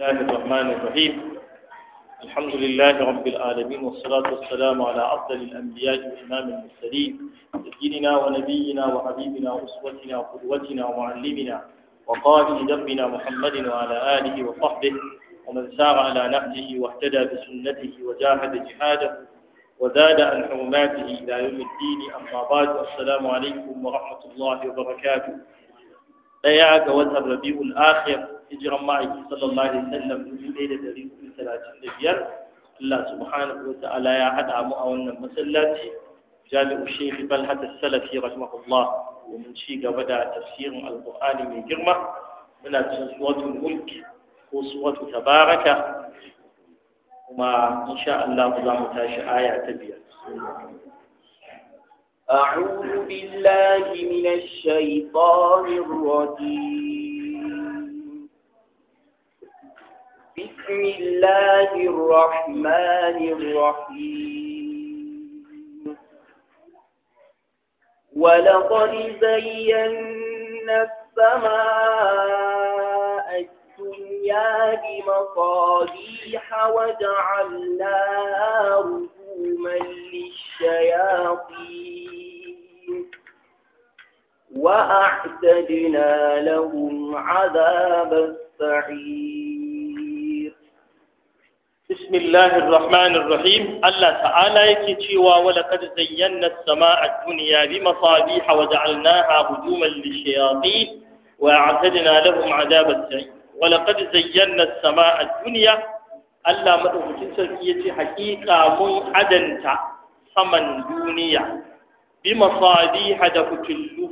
الله الرحمن الرحيم الحمد لله رب العالمين والصلاة والسلام على أفضل الأنبياء وإمام المرسلين سيدنا ونبينا وحبيبنا وأسوتنا وقدوتنا ومعلمنا وقائد دربنا محمد وعلى آله وصحبه ومن سار على نهجه واهتدى بسنته وجاهد جهاده وزاد عن حرماته إلى يوم الدين أما بعد السلام عليكم ورحمة الله وبركاته لا يعد وزن الربيع الآخر hijiran ma'aiki sallallahu alaihi ɗari talatin da biyar Allah subhanahu wa ta'ala ya haɗa mu a wannan masallaci jami'u Sheikh Talhat Salafi rahimahullah domin ci gaba da tafsirin Alƙur'ani mai girma muna cikin suratul ko suratul tabaraka kuma insha Allah za mu tashi aya ta biyar أعوذ بالله من الشيطان الرجيم بسم الله الرحمن الرحيم ولقد زينا السماء الدنيا بمصابيح وجعلناها رجوما للشياطين وأعتدنا لهم عذاب السعير بسم الله الرحمن الرحيم الله تعالى يكتشوا ولقد زينا السماء الدنيا بمصابيح وجعلناها هجوما للشياطين وأعتدنا لهم عذاب السعير ولقد زينا السماء الدنيا الله مدهوتين سرقية حقيقة منعدنت سمن دنيا بمصابيح دفتلو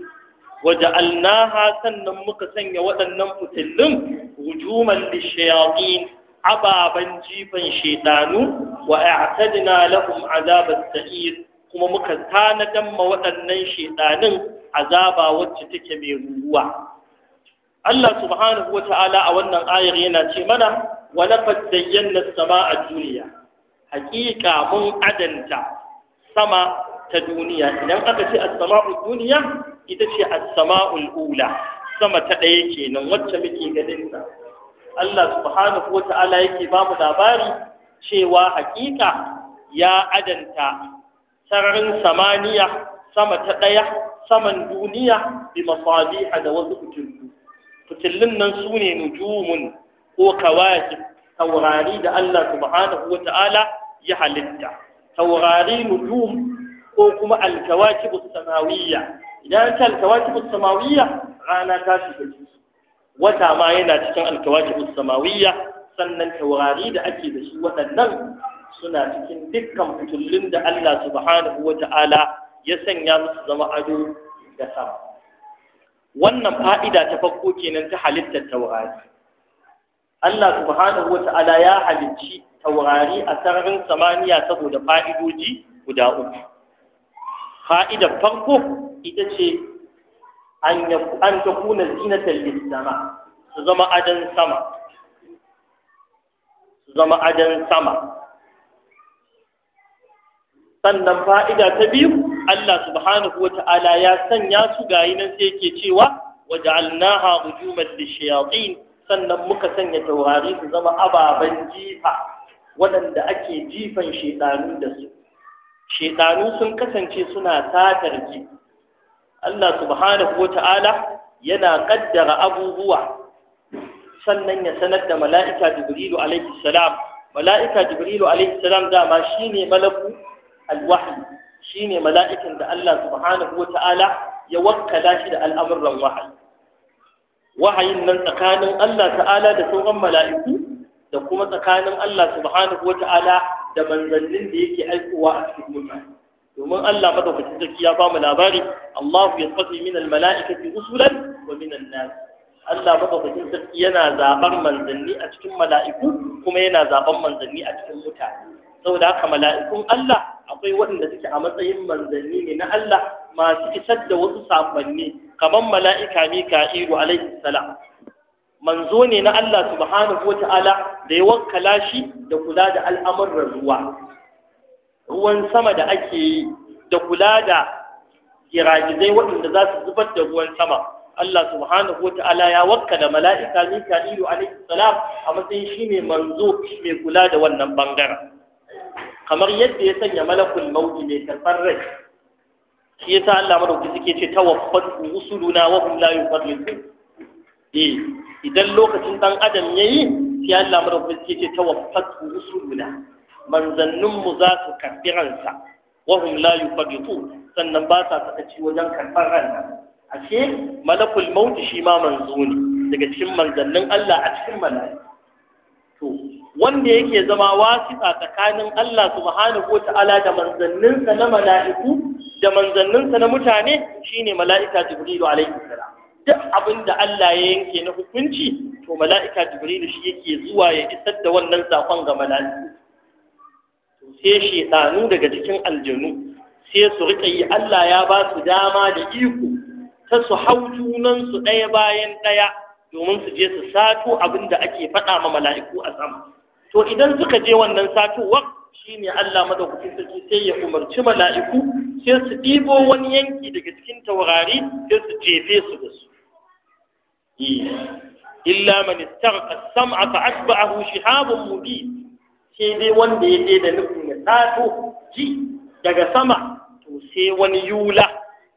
وجعلناها سنمك سنة وأنم فتلم هجوما للشياطين Ababen jifan shaidanu wa a'tadna lahum azabat sa'ir kuma muka tanadan ma waɗannan shaidanin azaba wacce take mai ruwa Allah subhanahu wa ta'ala a wannan ayar yana ce mana wa laqad zayyana as-sama'a duniya. haqiqa mun adanta sama ta duniya idan aka ce as-sama'u duniya ita ce as-sama'ul ula sama ta ɗaya kenan wacce muke ganin ta Allah subhanahu wa ta'ala yake ba mu labari cewa hakika ya adanta sararin samaniya sama ta ɗaya saman duniya bi masaliha da wasu fitillu fitillun nan su ne nujumun ko kawaki taurari da Allah subhanahu wa ta'ala ya halitta taurari nujum ko kuma alkawaki samawiyya idan ta alkawaki samawiyya rana ta shiga cikin wata ma yana cikin alkawakibus samawiyya sannan taurari da ake da shi waɗannan suna cikin dukkan fitullun da Allah subhanahu wa ta'ala ya sanya musu zama ado da sama wannan fa'ida ta farko kenan ta halittar taurari Allah subhanahu wa ta'ala ya halicci taurari a sararin samaniya saboda fa'idoji guda uku fa'idar farko ita ce an ta kuna zinatar lissama su zama ajan sama su zama sama sannan fa'ida ta biyu Allah subhanahu wa ta'ala ya sanya su gayi nan sai ke cewa waje wa ja'alnaha hujuman shayaƙin sannan muka sanya taurari su zama ababen jifa waɗanda ake jifan shedanu da su shedanu sun kasance suna satar jifa Allah subhanahu wa ta'ala yana kaddara abubuwa sannan ya sanar da mala'ika jibrilu alaihi salam mala'ika jibrilu alaihi salam dama shine malaku alwahyi shine mala'ikan da Allah subhanahu wa ta'ala ya wakkala shi da al'amuran wahayi wahayin nan tsakanin Allah ta'ala da sauran mala'iku da kuma tsakanin Allah subhanahu wa ta'ala da manzannin da yake aikowa a cikin mutane domin Allah madaukakin sarki ya bamu labari Allah ya tsaki min almala'ikati usulan wa min annas Allah madaukakin sarki yana zabar manzanni a cikin mala'iku kuma yana zabar manzanni a cikin mutane saboda haka mala'ikun Allah akwai waɗanda suke a matsayin manzanni ne na Allah masu isar da wasu saƙonni kamar mala'ika Mika'ilu alaihi salam manzo ne na Allah subhanahu ta'ala da ya wakkala shi da kula da al'amuran ruwa ruwan sama da ake yi da kula da kiragizai waɗanda za su zubar da ruwan sama Allah subhanahu Ta'ala ya da mala'ika Mika'ilu alaihi salam a matsayin ne manzo mai kula da wannan bangaren kamar yadda ya sanya malakul mauti mai karɓar rai shi ya yasa Allah madauki suke ce tawaffat rusuluna wa hum layu yufarriqun eh idan lokacin dan adam ya yi, sai Allah madauki suke ce tawaffat rusuluna manzanninmu za su karɓi ransa wahum la yufaqitu sannan ba sa ci wajen karɓar ransa ashe malakul mauti shi ma manzo ne daga cikin manzannin Allah a cikin mala'iku to wanda yake zama wasiƙa tsakanin Allah subhanahu wata'ala da manzanninsa na mala'iku da manzanninsa na mutane shine mala'ika jibrilu alaihi salam duk abin da Allah ya yanke na hukunci to mala'ika jibrilu shi yake zuwa ya isar da wannan sakon ga mala'iku sai shaidanu daga cikin aljanu sai su rika yi Allah ya ba su dama da iko ta su hau junansu ɗaya bayan ɗaya domin su je su sato abin da ake faɗa ma mala'iku a sama to idan suka je wannan satowar ne Allah madaukakin sarki sai ya umarci mala'iku sai su ɗibo wani yanki daga cikin taurari sai su jefe su da su illa man istarqa sam'a fa atba'ahu shihabun mubin sai dai wanda ya je da nufin ya tato ji daga sama to sai wani yula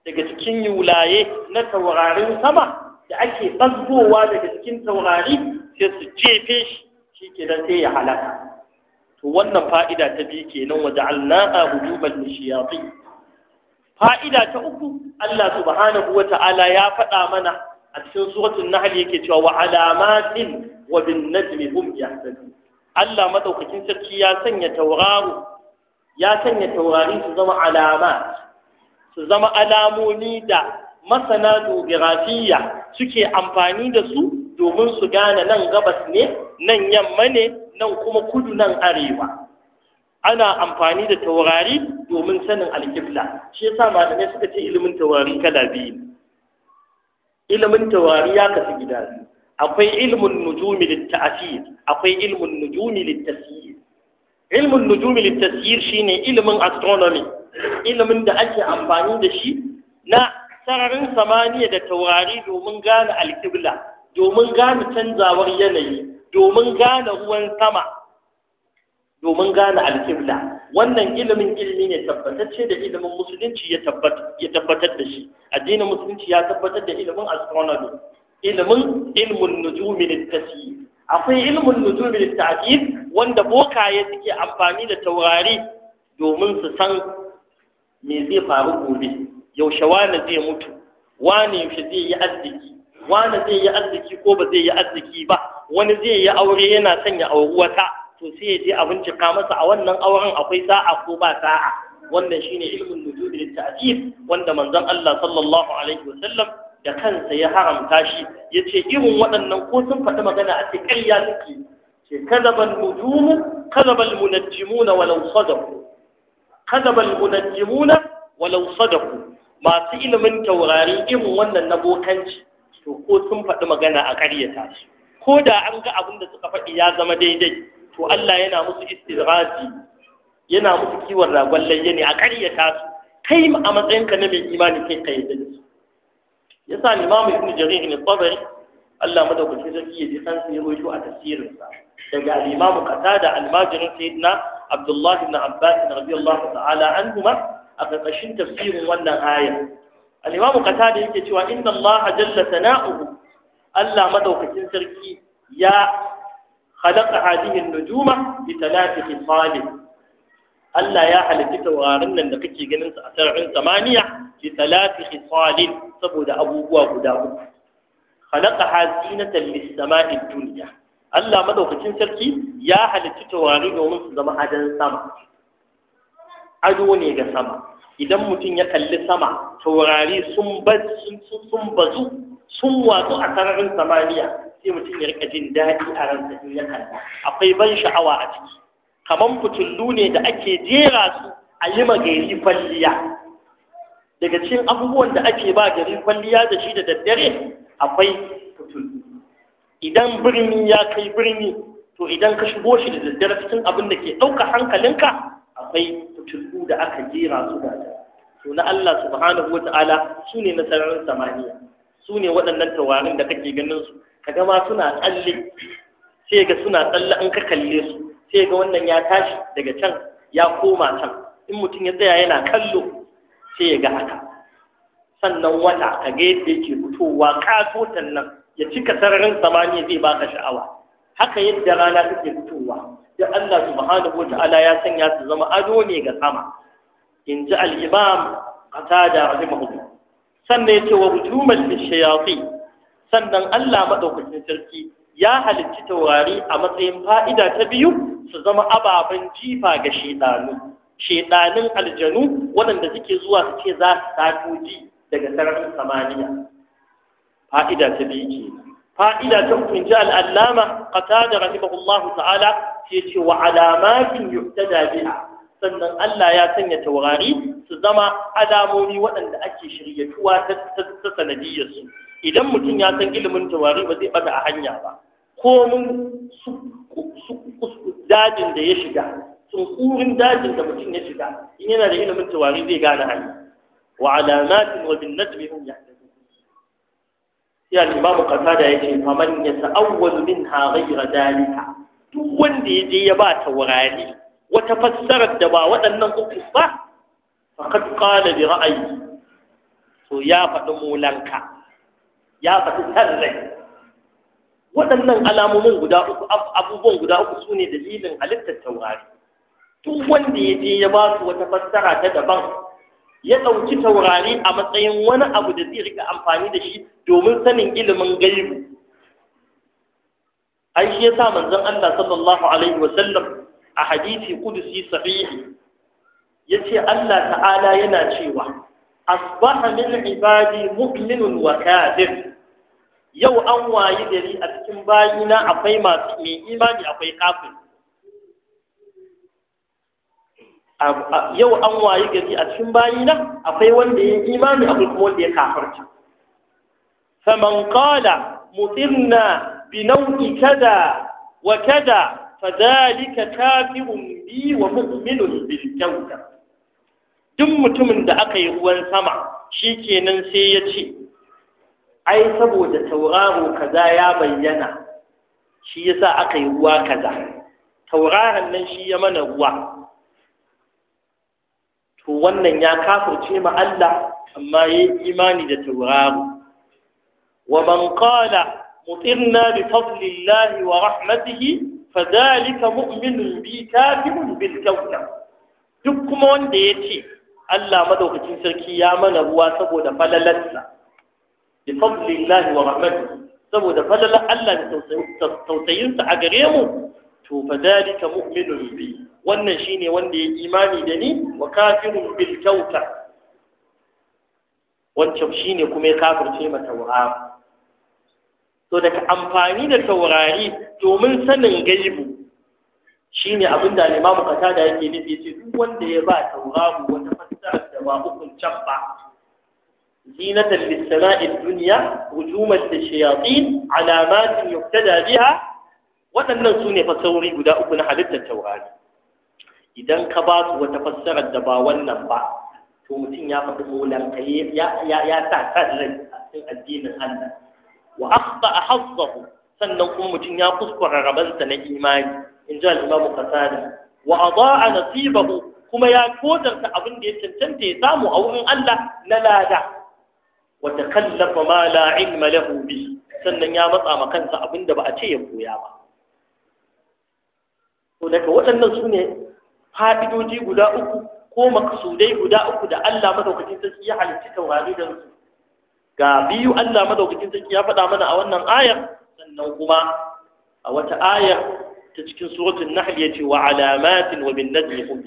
daga cikin yulaye na taurarin sama da ake ɓazgowa daga cikin taurari sai su jefe shi shi ke sai ya halaka to wannan fa'ida ta biyu kenan waje Allah shi hujuban nishiyafi fa'ida ta uku Allah subhanahu wa ta'ala ya faɗa mana a cikin suratul nahl yake cewa wa alamatin wa bin najmi hum yahtadun Allah madaukakin sarki ya sanya tauraro ya sanya taurari su zama alama su zama alamomi da masana dogirafiya suke amfani da su domin su gane nan gabas ne nan yamma ne nan kuma kudu nan arewa ana amfani da taurari domin sanin alkibla shi yasa malamai suka ce ilimin taurari kala biyu ilimin taurari ya kasu gida akwai ilmun nujumi littasir akwai ilmun nujumi littasir ilmun nujumi littasir shine ilmin astronomy ilmin da ake amfani da shi na sararin samaniya da taurari domin gane alkibla domin gane canzawar yanayi domin gane ruwan sama domin gane alkibla wannan ilimin ilmi ne tabbatacce da ilimin musulunci ya tabbatar da shi addinin musulunci ya tabbatar da ilimin astronomy ilmin ilmun nujumi littasi akwai ilmin nujumi littasi wanda bokaye suke amfani da taurari domin su san me zai faru gobe yaushe wani zai mutu wani yaushe zai yi arziki wani zai yi arziki ko ba zai yi arziki ba wani zai yi aure yana son ya auri wata to sai ya je a bincika masa a wannan auren akwai sa'a ko ba sa'a wannan shine ilmin nujumi littasi wanda manzon Allah sallallahu alaihi wasallam da kansa ya haramta shi ya ce irin waɗannan ko sun faɗi magana a ce ƙarya suke ce kazabal nujumu kazabal munajjimuna walau sadaku kazabal munajjimuna walau sadaku masu ilimin taurari irin wannan na bokanci to ko sun faɗi magana a ƙaryata shi ko da an ga abin da suka faɗi ya zama daidai to Allah yana musu istirazi yana musu kiwon ragon layya ne a ƙaryata su kai a matsayinka na mai imani kai ka yi da su yasa limamu ibnu jarir ne tabari Allah madaukakin sarki ya ji kansa ya rojo a tafsirin sa daga al-imamu qatada al-majrin sayyidina abdullahi ibn abbas radiyallahu ta'ala anhuma a ƙarƙashin tafsirin wannan aya al-imamu qatada yake cewa inna Allah jalla sana'uhu Allah madaukakin sarki ya khalaqa hadhihi an-nujuma bi thalathati salih Allah ya halitta taurarin nan da kake ganin su a sararin samaniya bi thalathati salih saboda abubuwa guda uku khalaqa hazinatan lis-sama'i dunya Allah madaukakin sarki ya halitta taurari domin su zama adon sama ado ne ga sama idan mutum ya kalli sama taurari sun bazu sun watsu a sararin samaniya sai mutum ya rika jin daɗi a ransa in ya kalla akwai ban sha'awa a ciki kamar fitullu ne da ake jera su a yi magari kwalliya daga cikin abubuwan da ake ba gari kwalliya da shi da daddare akwai fitul idan birni ya kai birni to idan ka shigo shi da daddare cikin abin da ke ɗauka hankalinka akwai fitulu da aka jera su da to na Allah subhanahu wa ta'ala su ne na samaniya su ne waɗannan tawarin da kake ganin su kaga ma suna tsalle sai ga suna tsalle in ka kalle su sai ga wannan ya tashi daga can ya koma can in mutum ya tsaya yana kallo sai ya ga haka sannan wata ka ga yadda yake fitowa katotan nan ya cika sararin samaniya zai baka sha'awa haka yadda rana take fitowa ya Allah subhanahu wata'ala ya sanya su zama ado ne ga sama in ji al da qatada rahimahullah sannan ya ce wa hujumal lishayatin sannan Allah madaukakin sarki ya halicci taurari a matsayin fa'ida ta biyu su zama ababen jifa ga shaidanu shedanin aljanu waɗanda suke zuwa su ce za su satoji daga sararin samaniya fa'ida ta biyu ke fa'ida ta hukun ji al'allama ƙasa da rahimahullahu ta'ala ce ce wa alamatin yuktada biya. sannan Allah ya sanya taurari su zama alamomi waɗanda ake shiryatuwa ta sanadiyarsu idan mutum ya san ilimin taurari ba zai baga a hanya ba ko mun dajin da ya shiga tsokurin dajin da mutum ya shiga in yana da ilimin tawari zai gane hali wa alamatin wa bin najmi hum yahtadun ya al-imam qatada yace faman yata'awwal minha ghayra dalika duk wanda ya je ya ba tawari wata fassarar da ba waɗannan uku ba faqad qala bi ra'ayi to ya faɗi mulanka, ya faɗi sarrai waɗannan alamomin guda uku abubuwan guda uku su ne dalilin halittar taurari duk wanda ya je ya ba su wata fassara ta daban ya ɗauki taurari a matsayin wani abu da zai rika amfani da shi domin sanin ilimin gaibu ai shi yasa manzon Allah sallallahu alaihi wa sallam a hadisi kudusi sahihi yace Allah ta'ala yana cewa asbaha min ibadi mu'minun wa kafir yau an wayi gari a cikin bayina akwai masu mai imani akwai kafir yau an wayi gari a cikin bayina akwai wanda ya imani a kuma wanda ya kafarta faman qala mutirna bi nau'i kada wa kada fadhalika kafirun bi wa mu'minun bil jawda duk mutumin da aka yi ruwan sama shi shikenan sai ya ce ai saboda tauraro kaza ya bayyana shi yasa aka yi ruwa kaza tauraron nan shi ya mana ruwa to wannan ya kafirce ma Allah amma yi imani da tauraro wa man qala mutirna bi fadlillahi wa rahmatihi fadhalika mu'minun bi kafirun bil kawkab duk kuma wanda yace Allah madaukakin sarki ya mana ruwa saboda falalarsa bi fadlillahi wa rahmatihi saboda falalar Allah da tausayinsa a gare mu to fadhalika mu'minun bi wannan shine wanda ya imani da ni wa kafirun bil kautar wancan shine kuma ya kafirce ma taurari to daga amfani da taurari domin sanin gaibu shine abin da limamu kata da yake nufi ce duk wanda ya ba tauraro wata fassara da ba hukuncin ba زينة للسماء الدنيا هجوما للشياطين علامات يهتدى بها waɗannan sune ne guda uku na halittar taurari idan ka ba su wata fassarar da ba wannan ba to mutum ya faɗi molankaye ya ya sa san rai a cikin addinin Allah wa akhta hazzahu sannan kuma mutum ya kuskura rabansa na imani in ji al-Imam Qatada wa adaa nasibahu kuma ya kodarta abin da ya cancanta ya samu a wurin Allah na lada wa takallafa ma la ilma lahu bi sannan ya matsa ma kansa abin da ba a ce ya koya ba to daga waɗannan su ne fa'idoji guda uku ko maksudai guda uku da Allah madaukakin sarki ya halitta taurari da su ga biyu Allah madaukakin sarki ya faɗa mana a wannan ayar sannan kuma a wata ayar ta cikin suratul nahl yace wa alamatin wa bin najmi hum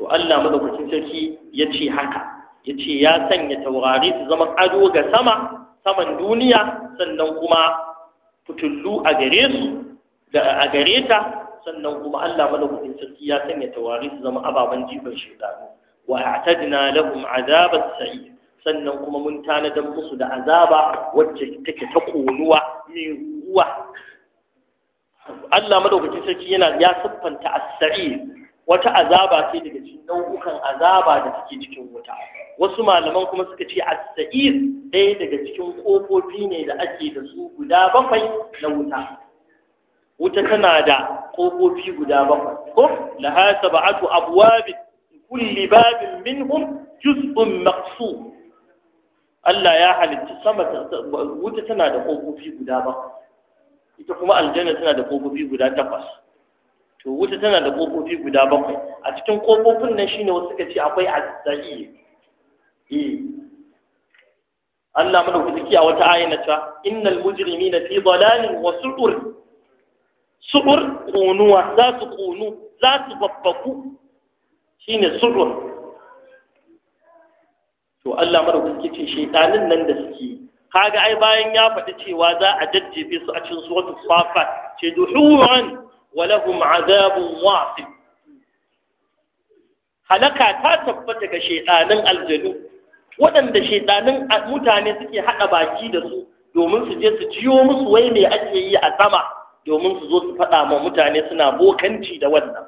to Allah madaukakin sarki yace haka yace ya sanya taurari su zama ado ga sama saman duniya sannan kuma fitullu a gare su da a gare ta sannan kuma Allah madaukakin sarki ya sanya tawari su zama ababen jifar shekaru wa a'tadna lahum azabat sa'ir sannan kuma mun tanadar musu da azaba wacce take ta konuwa mai ruwa Allah madaukakin sarki yana ya siffanta a sair wata azaba ce daga cikin nau'ukan azaba da take cikin wuta wasu malaman kuma suka ce a sair ɗaya daga cikin ƙofofi ne da ake da su guda bakwai na wuta wuta tana da ƙofofi guda bakwai ko laha sab'atu abwabin kulli babin minhum juz'un maqsum Allah ya halitta sama wuta tana da ƙofofi guda bakwai ita kuma aljanna tana da ƙofofi guda takwas to wuta tana da ƙofofi guda bakwai a cikin ƙofofin nan shine wasu suka ce akwai azza'i eh Allah madaukaki a wata ayyana ta innal mujrimina fi dalalin wa su'ur su'ur ƙunuwa za su ƙunu za su babbaku ne su'ur to Allah madaukaki ce shaitanin nan da suke kaga ai bayan ya faɗi cewa za a jajjefe su a cikin suwatu safa ce duhuran wa lahum azabun wasif halaka ta tabbata ga shaitanin aljanu waɗanda shaitanin mutane suke haɗa baki da su domin su je su jiyo musu wai me ake yi a sama domin su zo su faɗa ma mutane suna bokanci da wannan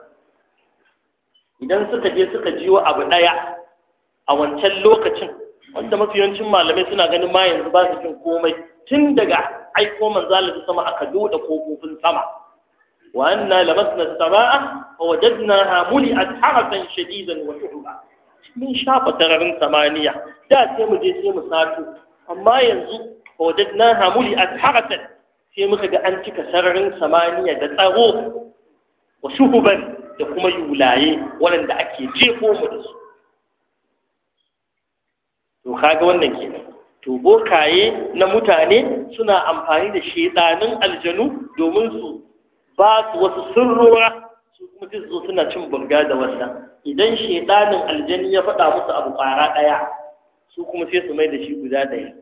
idan suka je suka jiwo abu ɗaya a wancan lokacin wanda mafi yawancin malamai suna ganin ma yanzu ba su jin komai tun daga aiko manzalin sama aka doda kofofin sama wa anna lamasna samaa fa wajadnaha muli'at harasan shadidan wa shuhuba mun shafa tararin samaniya da sai mu je sai mu sato amma yanzu fa wajadnaha muli'at harasan sai muka ga an cika sararin samaniya da tsaro wa shuhuban da kuma yulaye waɗanda ake jefo mu da su to kaga wannan kenan to bokaye na mutane suna amfani da shedanin aljanu domin su ba su wasu sirrora su kuma duk su suna cin banga da wasa idan shedanin aljanu ya faɗa musu abu ƙara ɗaya su kuma sai su mai da shi guda ɗaya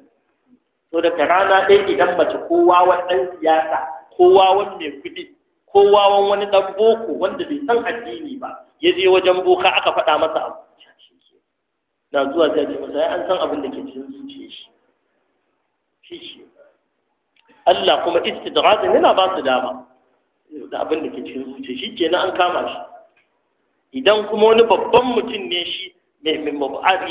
so daga rana ɗaya idan mace kowa wani ɗan siyasa kowa wani mai kuɗi kowa wani wani ɗan boko wanda bai san addini ba ya je wajen boka aka faɗa masa abu na zuwa zai ce masa an san abin da ke cikin zuciya shi shi shi Allah kuma istidrazin yana ba su dama da abin da ke cikin zuciya shi ke an kama shi idan kuma wani babban mutum ne shi mai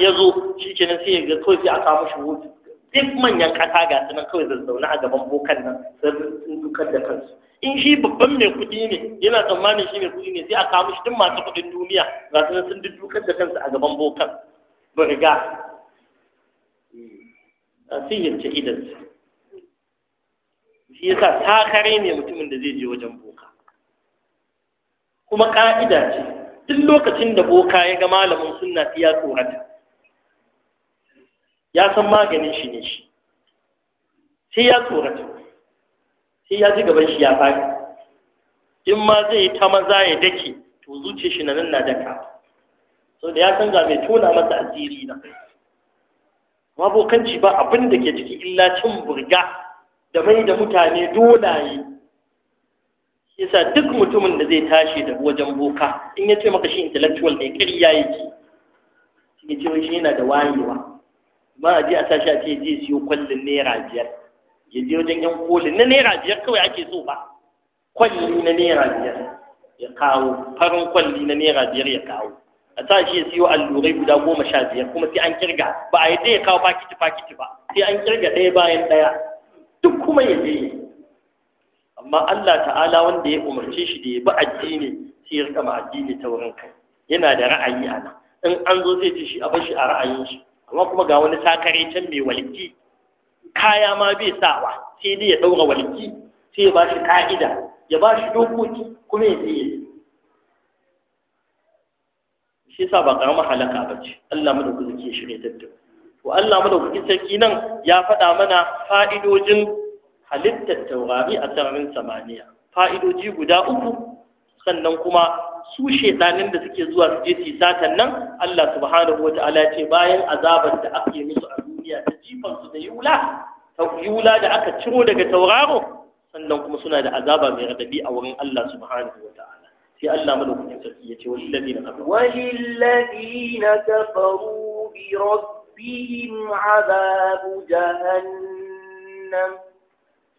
ya zo shi nan sai ya ga kawai sai a kama shi duk manyan ƙasa ga su nan kawai zazzauna a gaban bokan nan sun dukar da kansu in shi babban mai kuɗi ne yana tsammanin shi mai kuɗi ne sai a kawo shi duk masu kuɗin duniya ga su nan sun dukar da kansu a gaban bokan burga a sihirce idansu shi yasa kare ne mutumin da zai je wajen boka kuma ƙa'ida ce duk lokacin da boka ya ga malamin sunna ya tsorata ya san maganin shi ne shi sai ya tsorata sai ya ji gaban shi ya faɗi in ma zai yi ta maza ya dake to zuce shi na nan na daka so da ya san ga mai tona masa asiri na mabokanci ba abin da ke ciki illa cin burga da mai da mutane dolaye yasa duk mutumin da zai tashi da wajen boka in ya ce maka shi intellectual ne ya yake shi ce shi yana da wayewa ba a je a sashi a ce je siyo kwallin naira biyar ya je wajen yan kolin na naira biyar kawai ake so ba kwalli na naira biyar ya kawo farin kwalli na naira biyar ya kawo a sa ya siyo allurai guda goma sha biyar kuma sai an kirga ba a yi ya kawo fakiti fakiti ba sai an kirga ɗaya bayan ɗaya duk kuma ya je amma Allah ta'ala wanda ya umarce shi da ya bi addini sai ya rika addini ta wurin kai yana da ra'ayi a nan in an zo zai ce shi a bar shi a ra'ayin shi amma kuma ga wani sakare can mai walki kaya ma bai sawa sai dai ya ɗaura walki sai ya ba shi ka'ida ya ba shi dokoki kuma ya tsaye shi sa ba karamar halaka ba ce Allah madaukaki zuke shi ne duk to Allah madaukaki sarki nan ya faɗa mana fa'idojin halittar taurari a sararin samaniya fa'idoji guda uku sannan kuma su shedanin da suke zuwa su je su satan nan Allah subhanahu wata'ala ya ce bayan azabar da aka yi musu a duniya ta jifan su da yula ta yula da aka ciro daga tauraro sannan kuma suna da azaba mai radadi a wurin Allah subhanahu Ta'ala. sai Allah madaukakin sarki ya ce walillazina kafaru walillazina kafaru bi rabbihim azabu jahannam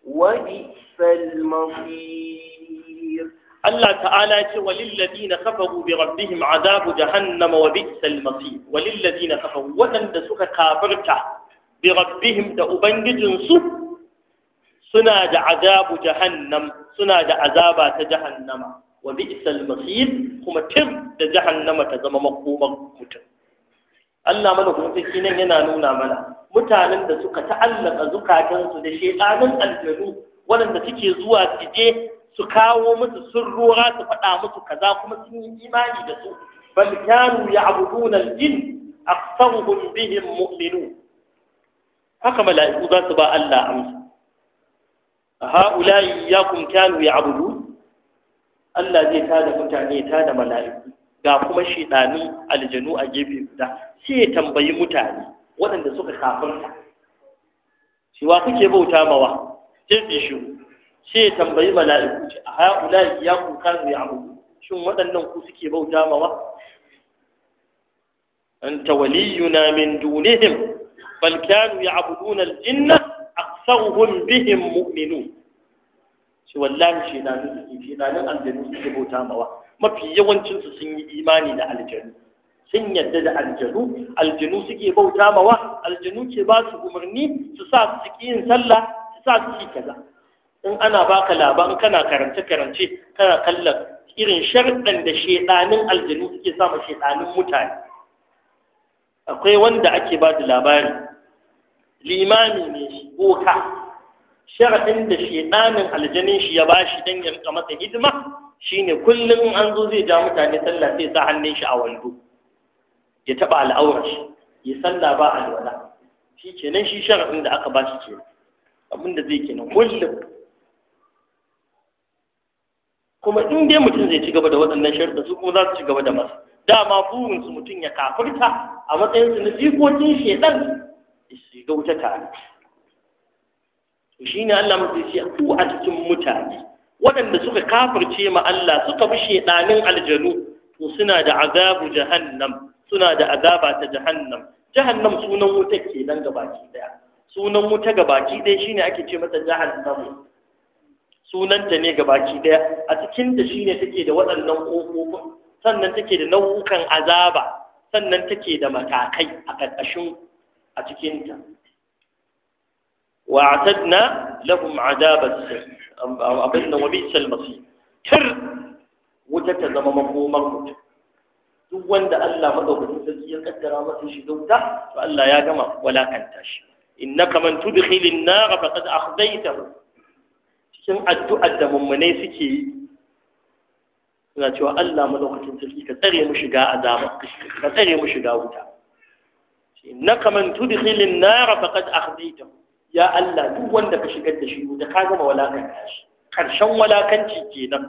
wa bi'sal masir Allah ta'ala ya ce walil ladina kafaru bi rabbihim azabu jahannama wa bi'sal masir walil ladina kafaru wadanda suka kafirta bi rabbihim da ubangijin su suna da azabu jahannam suna da azaba ta jahannama wa bi'sal masir kuma tir da jahannama ta zama makomar mutum Allah mana kuma sai nan yana nuna mana mutanen da suka ta'allaka zukatansu da shedanin aljanu waɗanda suke zuwa su su kawo musu sun ruwa su faɗa musu kaza kuma sun yi imani da su bal kanu ya'buduna al-jin aktsaruhum bihim mu'minun haka mala'iku za su ba Allah amsa ha'ula'i yakum kanu ya'budun Allah zai tada mutane tada mala'iku ga kuma shedani aljanu a gefe guda sai ya tambayi mutane waɗanda suka shi wa kuke bauta mawa sai su sai tambayi mala'iku ce a ha'ula ya kuka kanu ya abu shin waɗannan ku suke bauta mawa anta waliyuna min dunihim bal kanu ya'buduna al-jinna aktsaruhum bihim mu'minun shi wallahi shi na nufi shi na nan aljanu suke bauta mawa mafi yawancin su sun yi imani da aljanu sun yadda da aljanu aljanu suke bauta mawa aljanu ke ba su umarni su sa su yin sallah su sa su yi kaza in ana baka labarin kana karance karance kana kallon irin sharɗan da shedanin aljanu suke sama shedanin mutane akwai wanda ake ba da labari limami ne shi boka sharɗin da shedanin aljanin shi ya bashi don ya rika masa hidima shine kullum an zo zai ja mutane sallah sai sa hannun shi a wando ya taɓa al'aurar shi ya sallah ba alwala shi kenan shi sharɗin da aka ba shi kenan abin da zai kenan kullum kuma in dai mutum zai ci gaba da waɗannan sharɗa su kuma za su ci gaba da masa dama burinsu mutum ya kafirta a matsayinsu na jikokin shaidan su ga wuta tare shi ne Allah mutum ya ku a cikin mutane waɗanda suka kafurce ma Allah suka bi shaidanin aljanu to suna da azabu jahannam suna da azaba ta jahannam jahannam sunan wuta ke nan gabaki daya sunan wuta gabaki daya shine ake ce mata jahannam sunanta ne gabaki daya a cikin da shine take da waɗannan ƙofofin sannan take da nau'ukan azaba sannan take da matakai a ƙarƙashin a cikinta wa'atadna lahum adabat abin da wa bisal masir kir wuta ta zama makomar mutum duk wanda Allah madaukakin sarki ya kaddara masa shi zauta, to Allah ya gama walakanta shi innaka man tudkhilin nar faqad akhdaytahu cikin addu'ar da mummunai suke yi suna cewa Allah lokacin sarki ka tsare mu shiga azaba ka tsare mu shiga wuta na man tudkhilin nar faqad akhdaytahu ya Allah duk wanda ka shigar da shi wuta ka gama walakanta shi karshen walakanci kenan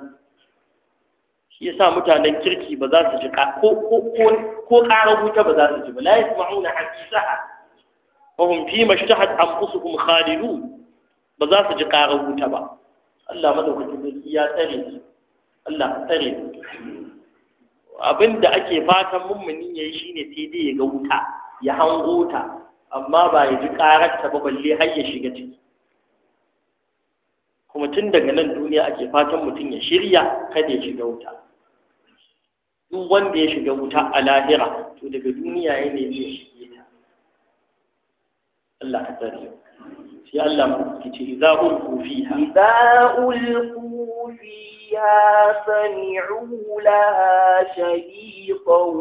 shi yasa mutanen kirki ba za su ji ko ko ko ƙarar wuta ba za su ji ba la yasma'una hadisaha wa hum fi mashtahat anfusuhum khalidun ba za su ji ƙarar wuta ba Allah madaukakin sarki ya tsare ni Allah tsare ni abin da ake fatan mummuni ya yi shine sai dai ya ga wuta ya hango ta amma ba ya ji ƙararta ba balle har ya shiga ciki kuma tun daga nan duniya ake fatan mutum ya shirya kada ya shiga wuta duk wanda ya shiga wuta a lahira to daga duniya ya nemi ya shige ta Allah ka tsare ni. sai Allah ki ce Iza idza ulqu fiha idza ulqu fiha sami'u laha shahiqan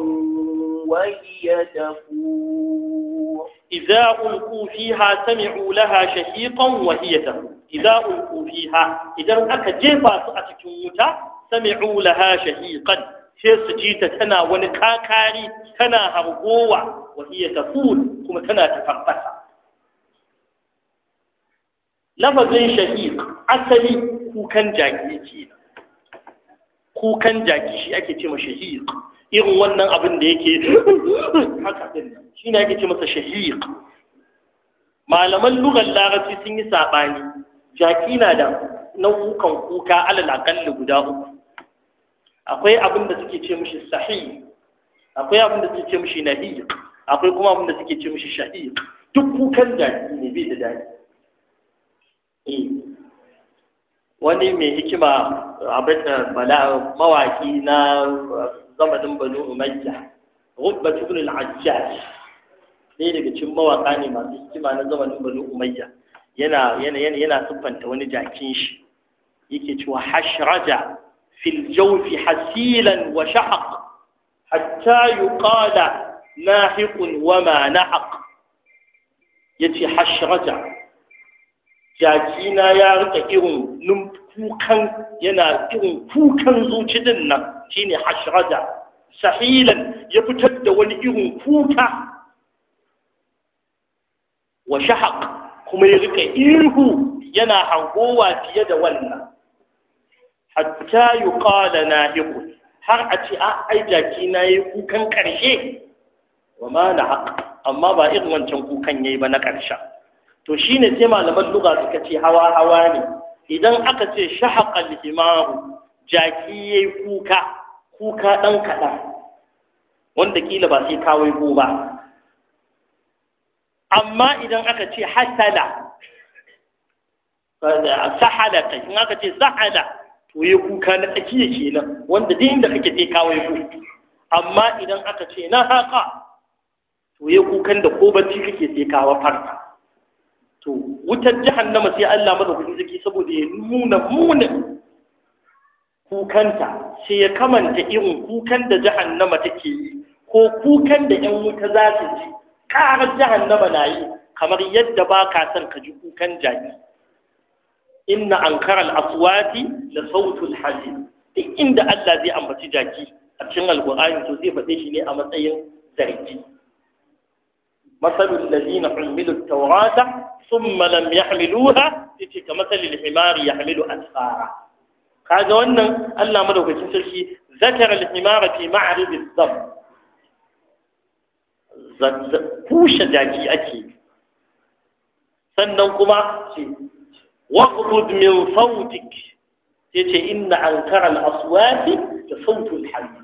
wa hiya tafur idza ulqu fiha sami'u laha shahiqan wa hiya Iza idza ulqu ha! idan aka jefa su a cikin wuta sami'u laha shahiqan sai su ji ta tana wani kakari tana hargowa wa hiya tafur kuma tana tafarfasa lafazin shahid asali kukan jaki ce kukan jaki shi ake ce ma shahid irin wannan abin da yake haka din shi ne ake ce masa shahid malaman lugar larabci sun yi saɓani jaki na da nau'ukan kuka alal aƙalli guda uku akwai abin da suke ce mishi sahih akwai abin da suke ce mishi nahi akwai kuma abin da suke ce mishi shahid duk kukan jaki ne bai da dadi wani mai hikima abin da bala mawaki na zamanin banu umayya rubba ibn al ne daga cikin mawaka ne masu hikima na zamanin banu umayya yana yana yana yana siffanta wani jakin shi yake cewa hashraja fil jawfi hasilan wa shahaq hatta yuqala nahiqun wa ma nahaq yace hashraja jajina ya rika irin nun kukan yana irin kukan zuci din nan shine hashrada sahilan ya fitar da wani irin kuka wa shahaq kuma ya rika ihu yana hangowa fiye da wannan hatta yuqala nahiqun har a ce a ah, ai jaki na yi kukan karshe wa ma na haka. amma ba irin wancan kukan yayi ba na karshen to ne sai malaman lugha suka ce hawa hawa ne idan aka ce shahaqal himaru jaki ya kuka kuka ɗan kaɗan wanda kila ba sai kawai ko ba amma idan aka ce hasala sahala kai in aka ce sahala to ya kuka na tsakiya kenan wanda duk inda kake sai kawai ko amma idan aka ce na haka to ya kukan da ko bacci kake sai kawo farka to wutar jahannama sai Allah madaukakin sarki saboda ya nuna muna kukanta sai ya kamanta irin kukan da jahannama take yi ko kukan da ƴan wuta za su ji ƙarar jahannama na yi kamar yadda ba ka son ka ji kukan jaki inna ankara al-aswati da sautul hajji duk inda Allah zai ambaci jaki a cikin alqur'ani to zai faɗe shi ne a matsayin zargi مثل الذين حملوا التوراة ثم لم يحملوها يتي كمثل الحمار يحمل أسفارا هذا أن الله ملوك تنسلشي ذكر الحمار في معرض الضب كوش داجي أكي سنوكما واخرج من صوتك يتي إن أنكر الأصوات لصوت الحمير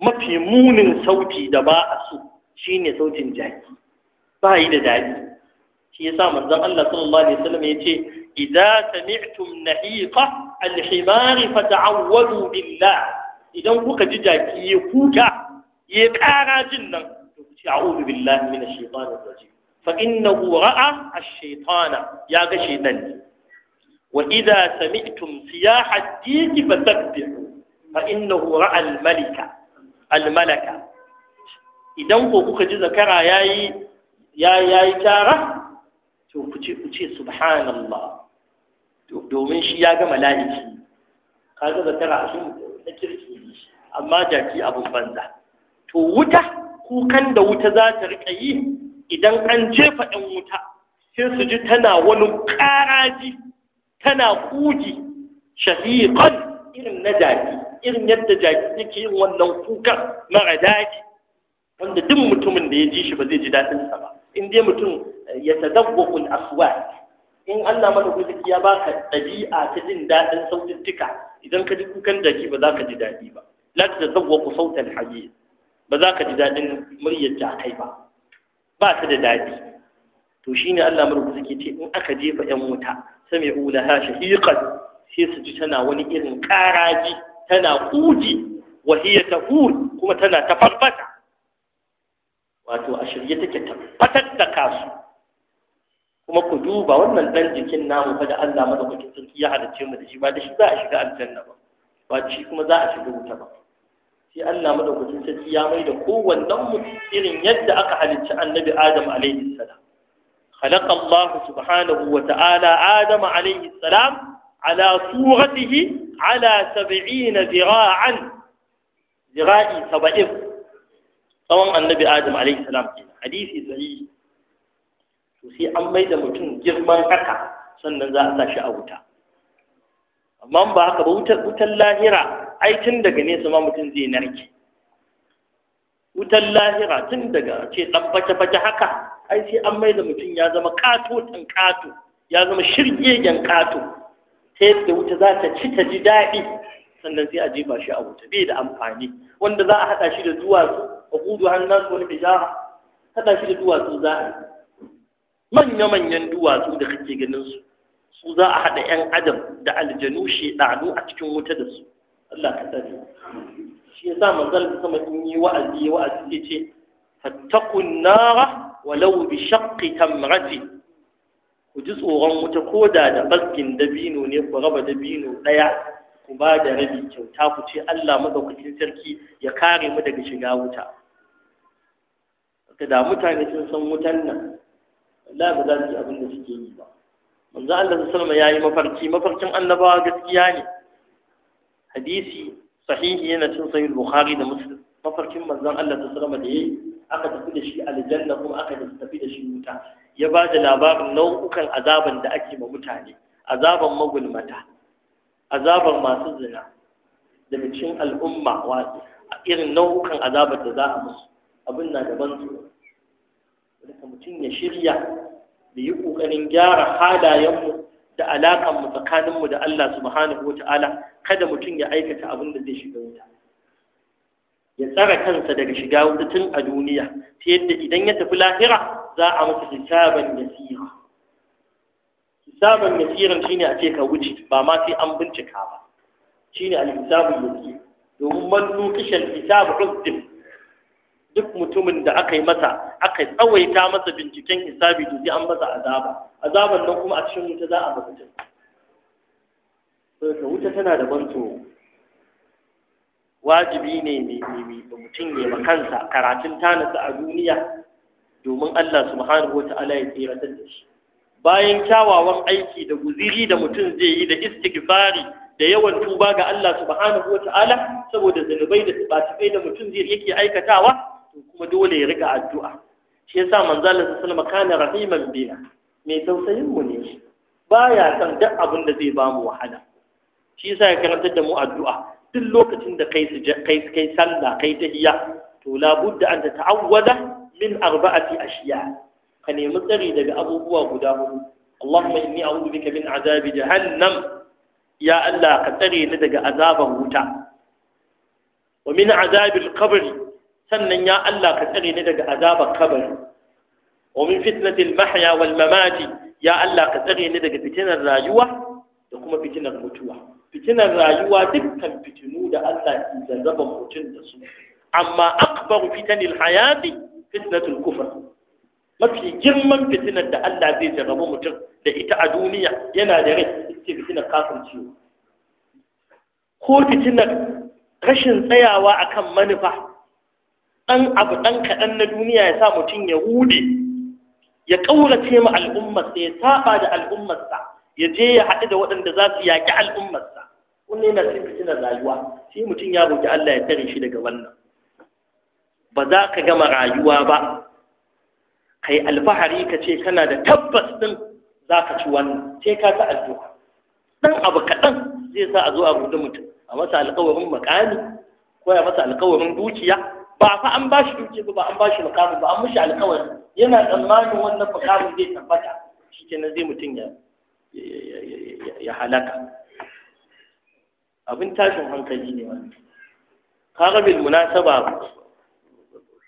mafi munin sauti da ba a so shine sautin jaki ba yi da daɗi shi yasa manzon Allah sallallahu alaihi wasallam yace idza sami'tum nahiqa al-himar fata'awwadu billah idan kuka ji jaki ya kuka ya ƙara jin nan to ku ce a'udhu billahi minash shaitanir rajim fa innahu ra'a ash-shaytana ya ga shaytan ne wa idza sami'tum siyaha ad-diq fasabbihu fa innahu ra'a al-malika al-malaka idan ko kuka ji zakara yayi ya yayi tara to ku ce ku ce subhanallah domin shi ya ga mala'iki kaga zakara a na kirki amma jaki abun banza to wuta kukan da wuta za ta rika yi idan an jefa ɗan wuta sai su ji tana wani ƙaraji tana kuji shafiƙon irin na jaki irin yadda jaki yake yin wannan kukan mara daji wanda duk mutumin da ya ji shi ba zai ji daɗin sa ba in dai mutum eh, ya tadawwaqu al-aswat in Allah madaukaki ya baka ɗabi'a ta jin daɗin saututtuka idan ka ji kukan daki ba za ka ji daɗi ba la ku sautal hayy ba za ka ji daɗin muryar jakai ba ba ta da daɗi to shine Allah madaukaki ce in aka jefa yan wuta sami'u laha shahiqan sai su ji tana wani irin karaji tana kuji wa hiya tahul kuma tana tafabbata wato a shirye take tabbatar da kasu kuma ku duba wannan dan jikin namu fa da Allah madaukakin sarki ya halicce mu da shi ba da shi za a shiga aljanna ba ba shi kuma za a shiga wuta ba sai Allah madaukakin sarki ya mai da kowannen mu irin yadda aka halicci annabi Adam alaihi salam خلق الله سبحانه وتعالى آدم عليه السلام على صورته على سبعين ذراعا ذراعي سبعين tsawon annabi adam alaihi salam kenan hadisi zai to sai an mai da mutum girman haka sannan za a sa shi a wuta amma ba haka ba wutar wutar lahira ai tun daga nesa ma mutum zai narke wutar lahira tun daga ce dan fata-fata haka ai sai an mai da mutum ya zama kato tan kato ya zama shirgegen kato ta yadda wuta za ta ci ta ji daɗi sannan sai a jefa shi a wuta bai da amfani wanda za a haɗa shi da duwatsu waqudu hannas wani hijara kada shi da duwatsu za a manya manyan duwatsu da kake ganin su su za a haɗa yan adam da aljanu shedanu a cikin wuta da su Allah ka tsare shi ya sa yasa ta sama in yi wa'azi wa'azi sai ce fattaqun nara walau bi shaqqi tamrati ku ji tsoron wuta ko da da baskin dabino ne ku raba dabino ɗaya ku ba da rabi kyauta ku ce Allah madaukakin sarki ya kare mu daga shiga wuta ta da mutane sun san wutan nan da ba za su yi abin da suke yi ba manzo Allah ya yayi mafarki mafarkin annabawa gaskiya ne hadisi sahihi yana cikin sahih bukhari da muslim mafarkin manzon Allah sallama da yayi aka tafi da shi aljanna kuma aka tafi da shi wuta ya ba da labarin nau'ukan azaban da ake ma mutane azaban magulmata azaban masu zina da cikin al'umma wasu irin nau'ukan azabar da za a musu abin na daban su duka mutum ya shirya da yi ƙoƙarin gyara halayenmu da alaƙanmu tsakaninmu da Allah subhanahu wa ta'ala kada mutum ya aikata abin da zai shiga wuta ya tsara kansa daga shiga wuta tun a duniya ta yadda idan ya tafi lahira za a masa hisaban yasira hisaban yasiran shine a ce ka wuce ba ma sai an bincika ba shine al hisabu yasir domin man nuqisha al duk mutumin da aka yi masa aka tsawaita masa binciken hisabi to sai an masa azaba azaban nan kuma a cikin wuta za a ba mutum saboda wuta tana da ban tsoro wajibi ne mai mutum ne ba kansa karatun tanasa a duniya domin Allah subhanahu wa ta'ala ya tsira da shi bayan kyawawan aiki da guziri da mutum zai yi da istighfari da yawan tuba ga Allah subhanahu wa ta'ala saboda zanubai da tsibatibai da mutum zai yake aikatawa to kuma dole ya riga addu'a shi yasa manzo Allah sallallahu alaihi kana rahiman bina mai tausayin mu ne baya san duk abin da zai bamu wahala shi yasa ya karantar da mu addu'a duk lokacin da kai kai kai sallah kai tahiyya to labudda an ta'awwada min arba'ati ashiya ka nemi tsari daga abubuwa guda hudu اللهم إني أعوذ بك من عذاب جهنم يا الله قتري ندق عذاب وتا ومن عذاب القبر sannan ya Allah ka tsare ni daga azabar kabari wa min fitnatil mahya wal mamati ya Allah ka tsare ni daga fitinar rayuwa da kuma fitinar mutuwa fitinar rayuwa dukkan fitinu da Allah ke jarraba mutun da su amma akbaru fitanil hayati fitnatul kufr mafi girman fitinar da Allah zai jarraba mutum da ita a duniya yana da rai ita fitinar kafirciwa ko fitinar rashin tsayawa akan manufa ɗan abu ɗan kaɗan na duniya ya sa mutum ya hude ya ƙaurace ma al'ummarsa ya saba da al'ummarsa ya je ya haɗu da waɗanda za su yaƙi al'ummarsa wannan yana cikin fitinar rayuwa sai mutum ya roƙi Allah ya tare shi daga wannan ba za ka gama rayuwa ba kai alfahari ka ce kana da tabbas ɗin za ka ci wannan sai ka ta addu'a ɗan abu kaɗan zai sa a zo a gudu mutum a masa alƙawarin makami ko ya masa alƙawarin dukiya ba fa an ba shi duki ba an ba shi mukamin ba an mushi alkawari yana tsammanin wannan mukamin zai tabbata shi kenan zai mutum ya ya halaka abin tashin hankali ne wani karabin munasaba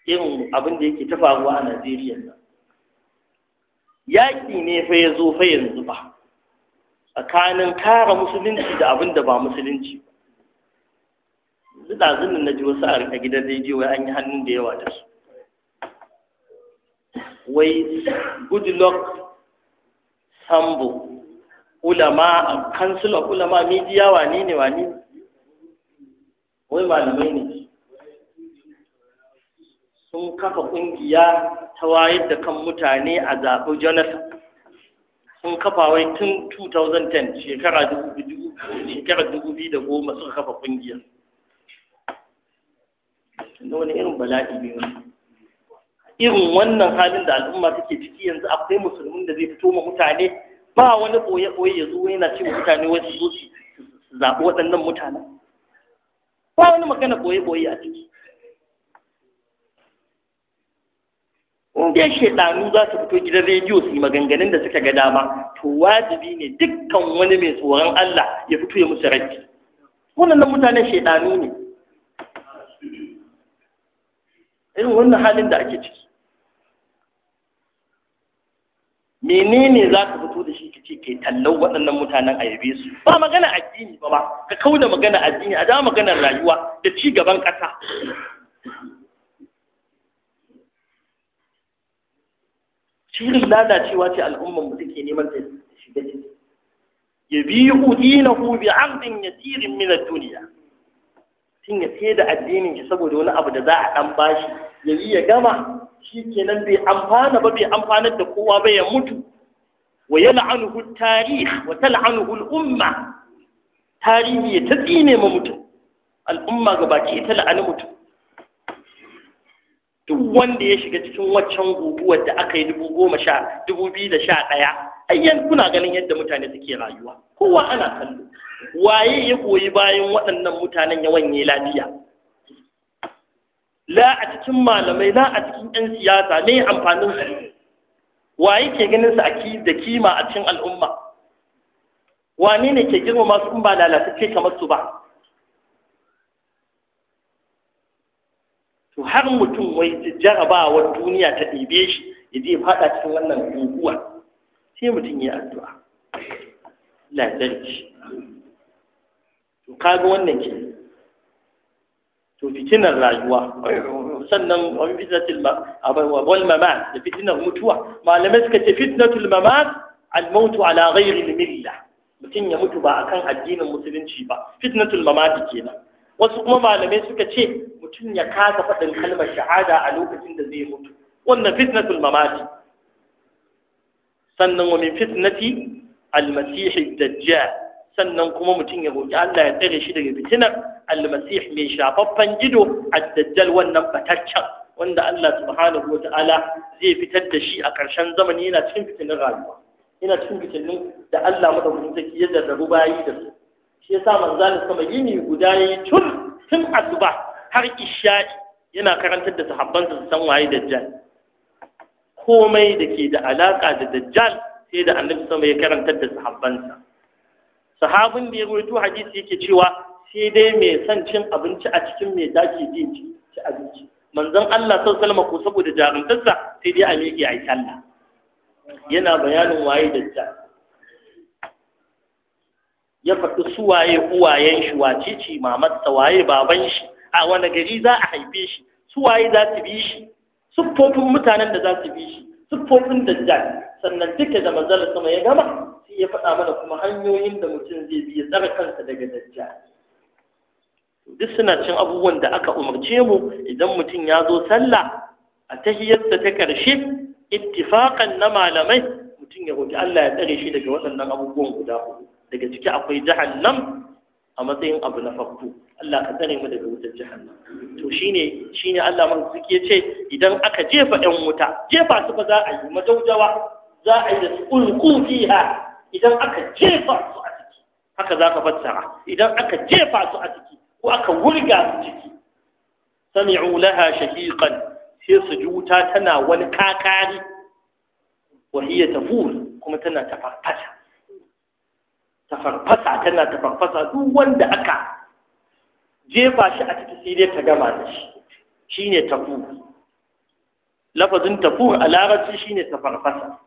irin abin da yake ta faruwa a Najeriya nan yaƙi ne fa ya zo fa yanzu ba tsakanin kare musulunci da abin da ba musulunci ba su ɗazun na ji wasu a gidan ji wai an yi hannun da yawa da su wai goodluck sambo ulama council of ulama media wani ne wani wai malamai ne sun kafa kungiya ta wayar da kan mutane a zaɓi jonathan sun kafa wai tun 2010 shekara 2010 suka kafa kungiyar inda wani irin bala'i ne wani irin wannan halin da al'umma take ciki yanzu akwai musulmin da zai fito ma mutane ba wani ɓoye-ɓoye ya zo yana ce mutane wasu zo su zaɓi waɗannan mutanen ba wani magana ɓoye-ɓoye a ciki in dai shaidanu za su fito gidan rediyo su yi maganganun da suka ga dama to wajibi ne dukkan wani mai tsoron Allah ya fito ya musu rai wannan mutane shaidanu ne irin wannan halin da ake ciki menene za ka fito da shi ka ce kai tallau waɗannan mutanen a yabe su ba magana addini ba ba ka da magana addini a da maganar rayuwa da ci gaban ƙasa shirin lalacewa ce al'ummar mu take neman ta shiga ciki yabihu dinahu bi 'ardin yasirin min ad-dunya shin ya sai da addinin shi saboda wani abu da za a dan bashi ya yi ya gama shi kenan bai amfana ba bai amfanar da kowa ba ya mutu wa yal'anuhu tarih wa tal'anuhu al'umma tarihi ya ta tsine ma mutum al'umma baki ita la'ani mutum duk wanda ya shiga cikin waccan guguwar da aka yi dubu goma sha dubu biyu da sha ɗaya ayyan kuna ganin yadda mutane suke rayuwa kowa ana kallo waye ya koyi bayan waɗannan mutanen ya yi lafiya la a cikin malamai la a cikin 'yan siyasa ne amfanin su waye ke ganin su a da kima a cikin al'umma wane ne ke girma masu in ba lalatacce kamar su ba to har mutum wai jarabawar duniya ta ɗebe shi ya je faɗa cikin wannan guguwa sai mutum ya addu'a to kaga wannan ke to fitinar rayuwa sannan wani fitnatul wal mamat da fitinar mutuwa malamai suka ce fitnatul mamat al mautu ala ghairi milla mutum ya mutu ba akan addinin musulunci ba fitnatul mamat kenan wasu kuma malamai suka ce mutum ya kasa faɗin kalmar shahada a lokacin da zai mutu wannan fitnatul mamat sannan wani min fitnati al-masih ad-dajjal sannan kuma mutum ya roƙi Allah ya tsare shi daga fitinar almasih mai shafaffen gido addajjal wannan fataccen wanda Allah subhanahu wa ta'ala zai fitar da shi a ƙarshen zamani yana cikin fitinin rayuwa yana cikin fitinin da Allah madaukakin sarki ya zarrabu bayi da su shi yasa manzalin sama yini guda yayi tun tun asuba har isha'i yana karantar da sahabbansa su san waye dajjal komai da ke da alaƙa da dajjal sai da annabi sama ya karantar da sahabbansa sahabin da ya rawaito hadisi yake cewa sai dai mai son cin abinci a cikin mai dace, din ci abinci manzon Allah sallallahu alaihi ko saboda jarumtarsa sai dai a miƙe a yi yana bayanin waye dajjal ya faɗi suwaye uwayen shi wace waye baban shi a wani gari za a haife shi su waye za su bi shi siffofin mutanen da za su bi shi siffofin dajjal sannan duka da manzon sama ya gama ya faɗa mana kuma hanyoyin da mutum zai bi ya tsara kansa daga dajjal duk suna cin abubuwan da aka umarce mu idan mutum ya zo sallah a tahiyarsa ta karshe ittifaqan na malamai mutum ya roki Allah ya tsare shi daga waɗannan abubuwan guda uku daga ciki akwai jahannam a matsayin abu na farko Allah ka tsare mu daga wutar jahannam to shine shine Allah man suke ce idan aka jefa ɗan wuta jefa su ba za a yi majaujawa za a yi da su fiha idan aka jefa su a ciki haka za ka fassara idan aka jefa su a ciki ko aka wurga su ciki sami'u laha shahiqan sai su ji wuta tana wani kakari wa hiya tafur kuma tana tafarfasa tafarfasa tana tafarfasa duk wanda aka jefa shi a ciki sai dai ta gama da shi shine tafur lafazin tafur a larabci shine tafarfasa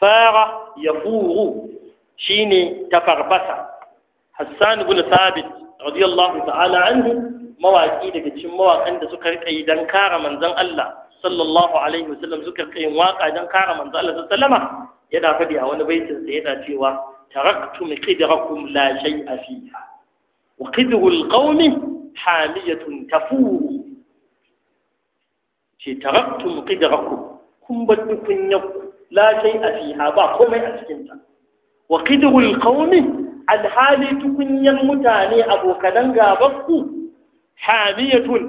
fara ya furu shine tafarbasa hassan ibn sabit radiyallahu ta'ala anhu mawaki daga cikin mawakan da suka rika yi dan kare manzon Allah sallallahu alaihi wasallam suka rika yin waka dan kare manzon Allah sallama yana fadi a wani baitin sa yana cewa taraktu miqidrakum la shay'a fiha wa qidru alqawmi hamiyatun tafuru ce taraktu miqidrakum kun bar dukunyarku la shay a ba komai a cikin ta wa qidhul alhali tukunyan mutane abokanan gaban ku hamiyatun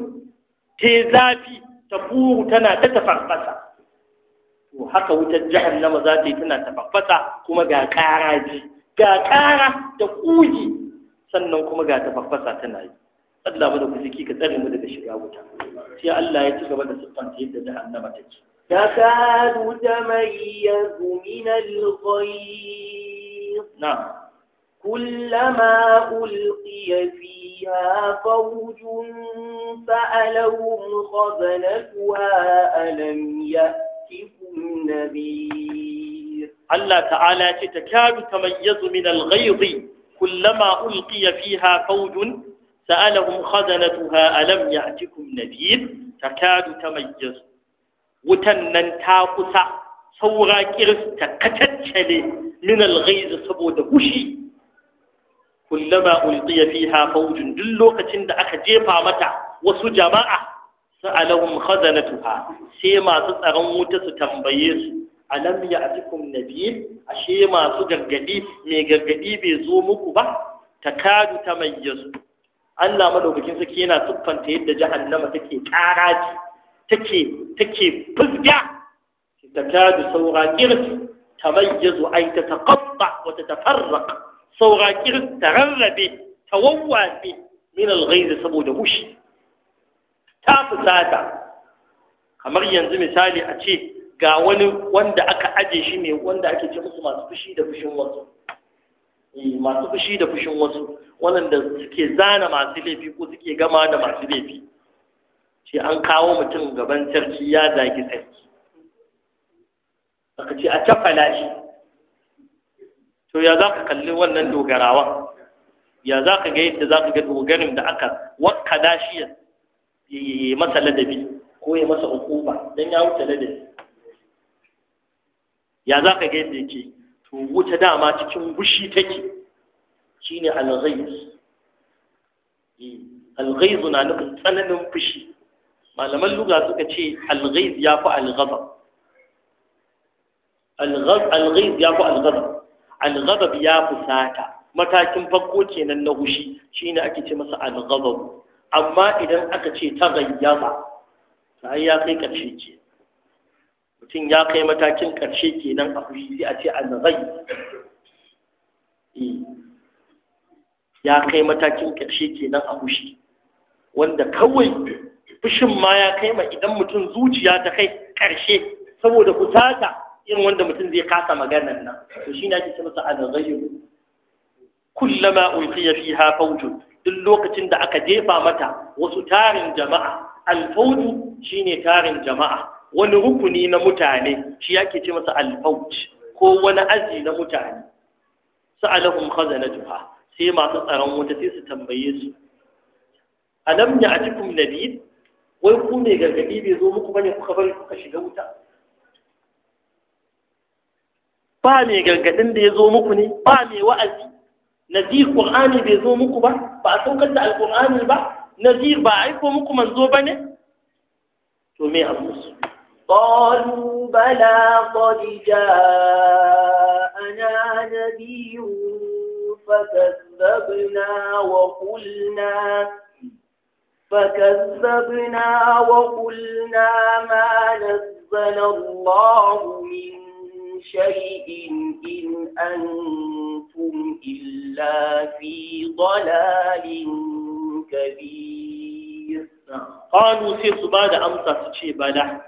te zafi tafuru tana ta tafarfasa to haka wutar jahannama za ta yi tana tafaffasa kuma ga ƙara ji ga ƙara da ƙugi sannan kuma ga tafaffasa tana yi Allah da ku ka tsare mu daga shiga wuta sai Allah ya ci gaba da siffanta yadda jahannama take تكاد تميز من الغيظ نعم كلما ألقي فيها فوج سألهم خزنتها ألم يأتكم نذير الله تعالى تكاد تميز من الغيظ كلما ألقي فيها فوج سألهم خزنتها ألم يأتكم نذير تكاد تميز wutan nan ta kusa saura kirista kataccale min alghaiz saboda gushi kullama ulqiya fiha fawjun duk lokacin da aka jefa mata wasu jama'a sa'alahum khazanatuha sai masu tsaron wuta su tambaye su alam ya'tikum nabiy ashe masu gargadi mai gargadi bai zo muku ba takadu tamayyazu Allah madaukakin saki yana tuffanta yadda jahannama take ƙara take take fuzga takadu saura kirti tamayyazu ay tataqatta wa tatafarraq saura kirti tararrabe tawawwafe min al-ghayz saboda hushi ta fusata kamar yanzu misali a ce ga wani wanda aka aje shi ne wanda ake ce musu masu fushi da fushin wasu eh, masu fushi da fushin wasu waɗanda suke zana masu laifi ko suke gama da masu laifi ce an kawo mutum gaban sarki ya zagi sarki aka ce a tafala shi to ya za ka kalli wannan dogarawan ya za ka ga yadda za ka ga dogarin da aka da shi ya yi masa ladabi ko ya masa hukuma don ya wuce ladabi ya za ka ga yadda yake to wuce dama cikin gushi take shine al-ghayz eh, al-ghayz na nufin tsananin fushi malaman luga suka ce alghaiz ya fi alghazab alghaiz ya fi alghazab alghazab ya fi sata matakin farko kenan na hushi shine ake ce masa alghazab amma idan aka ce ta gayyaba sai ya kai karshe ke mutum ya kai matakin karshe kenan a hushi sai a ce alghaiz eh. ya kai matakin karshe kenan a hushi wanda kawai fushin ma ya kai ma idan mutum zuciya ta kai ƙarshe saboda kusata irin wanda mutum zai kasa maganar nan to shi ne ake ce masa al kullama ulqiya fiha fawj duk lokacin da aka jefa mata wasu tarin jama'a al shine tarin jama'a wani rukuni na mutane shi yake ce masa al ko wani aji na mutane sa'alahum khazanatuha sai masu tsaron wuta sai su tambaye su alam ya'tikum nadid wai ku mai gargadi bai zo muku bane kuka bari kuka shiga wuta ba mai gargadin da ya zo muku ne ba mai wa'azi nazir qur'ani bai zo muku ba ba a saukar da alqur'ani ba nazir ba aiko muku manzo bane to me a musu قالوا بلى قد جاءنا نذير فكذبنا وقلنا فكذبنا وقلنا ما نزل الله من شيء إن أنتم إلا في ضلال كبير قالوا في صباد أمسى سشي بلا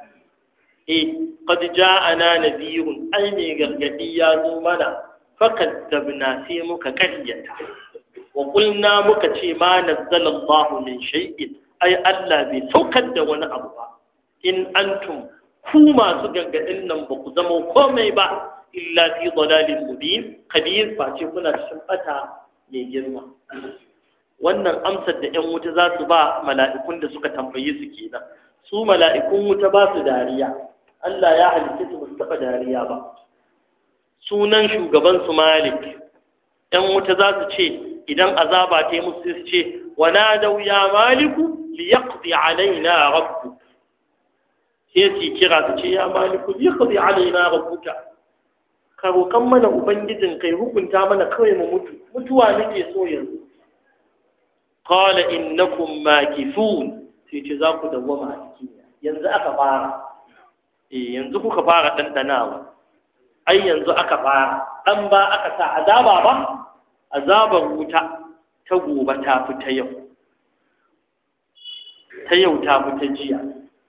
إيه قد جاءنا نذير أي غرغدي يا زمنا فكذبنا سيمك كريتا wa muka ce ma nazzala Allah min shay'in ai Allah bai saukar da wani abu ba in antum ku masu gangadin nan ba ku zama komai ba illa fi dalalin mubin kabir ba ce kuna cikin bata mai girma wannan amsar da ƴan wuta za su ba mala'ikun da suka tambaye su kenan su mala'ikun wuta ba su dariya Allah ya halitta ba su taɓa dariya ba sunan shugaban su malik Yan wuta za su ce idan azaba ta yi musu su ce wana da ya maliku li yaqdi alaina rabbuk sai su kira su ce ya maliku li yaqdi alaina rabbuka ka karokan mana ubangijin kai hukunta mana kawai mu mutu mutuwa nake so yanzu qala innakum makifun sai ce za ku dawo a cikin yanzu aka fara eh yanzu kuka fara dandanawa ai yanzu aka fara dan ba aka sa azaba ba azabar wuta ta gobe ta fi ta yau ta yau ta fi ta jiya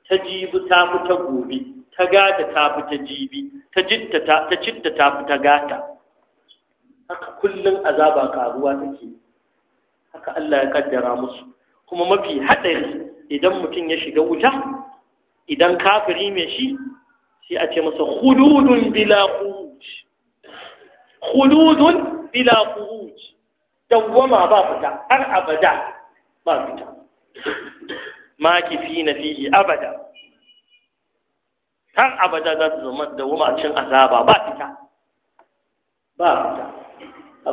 ta jibi ta fi ta gobe ta gata ta fi ta jibi ta citta ta fi ta gata haka kullum azaba karuwa take haka Allah ya kaddara musu kuma mafi haɗari idan mutum ya shiga wuta idan kafiri mai shi sai a ce masa hududun bila khuruj bila khuruj dawwama ba fita har abada ba fita makifina fihi abada har abada za su zama dawwama cin azaba ba fita ba fita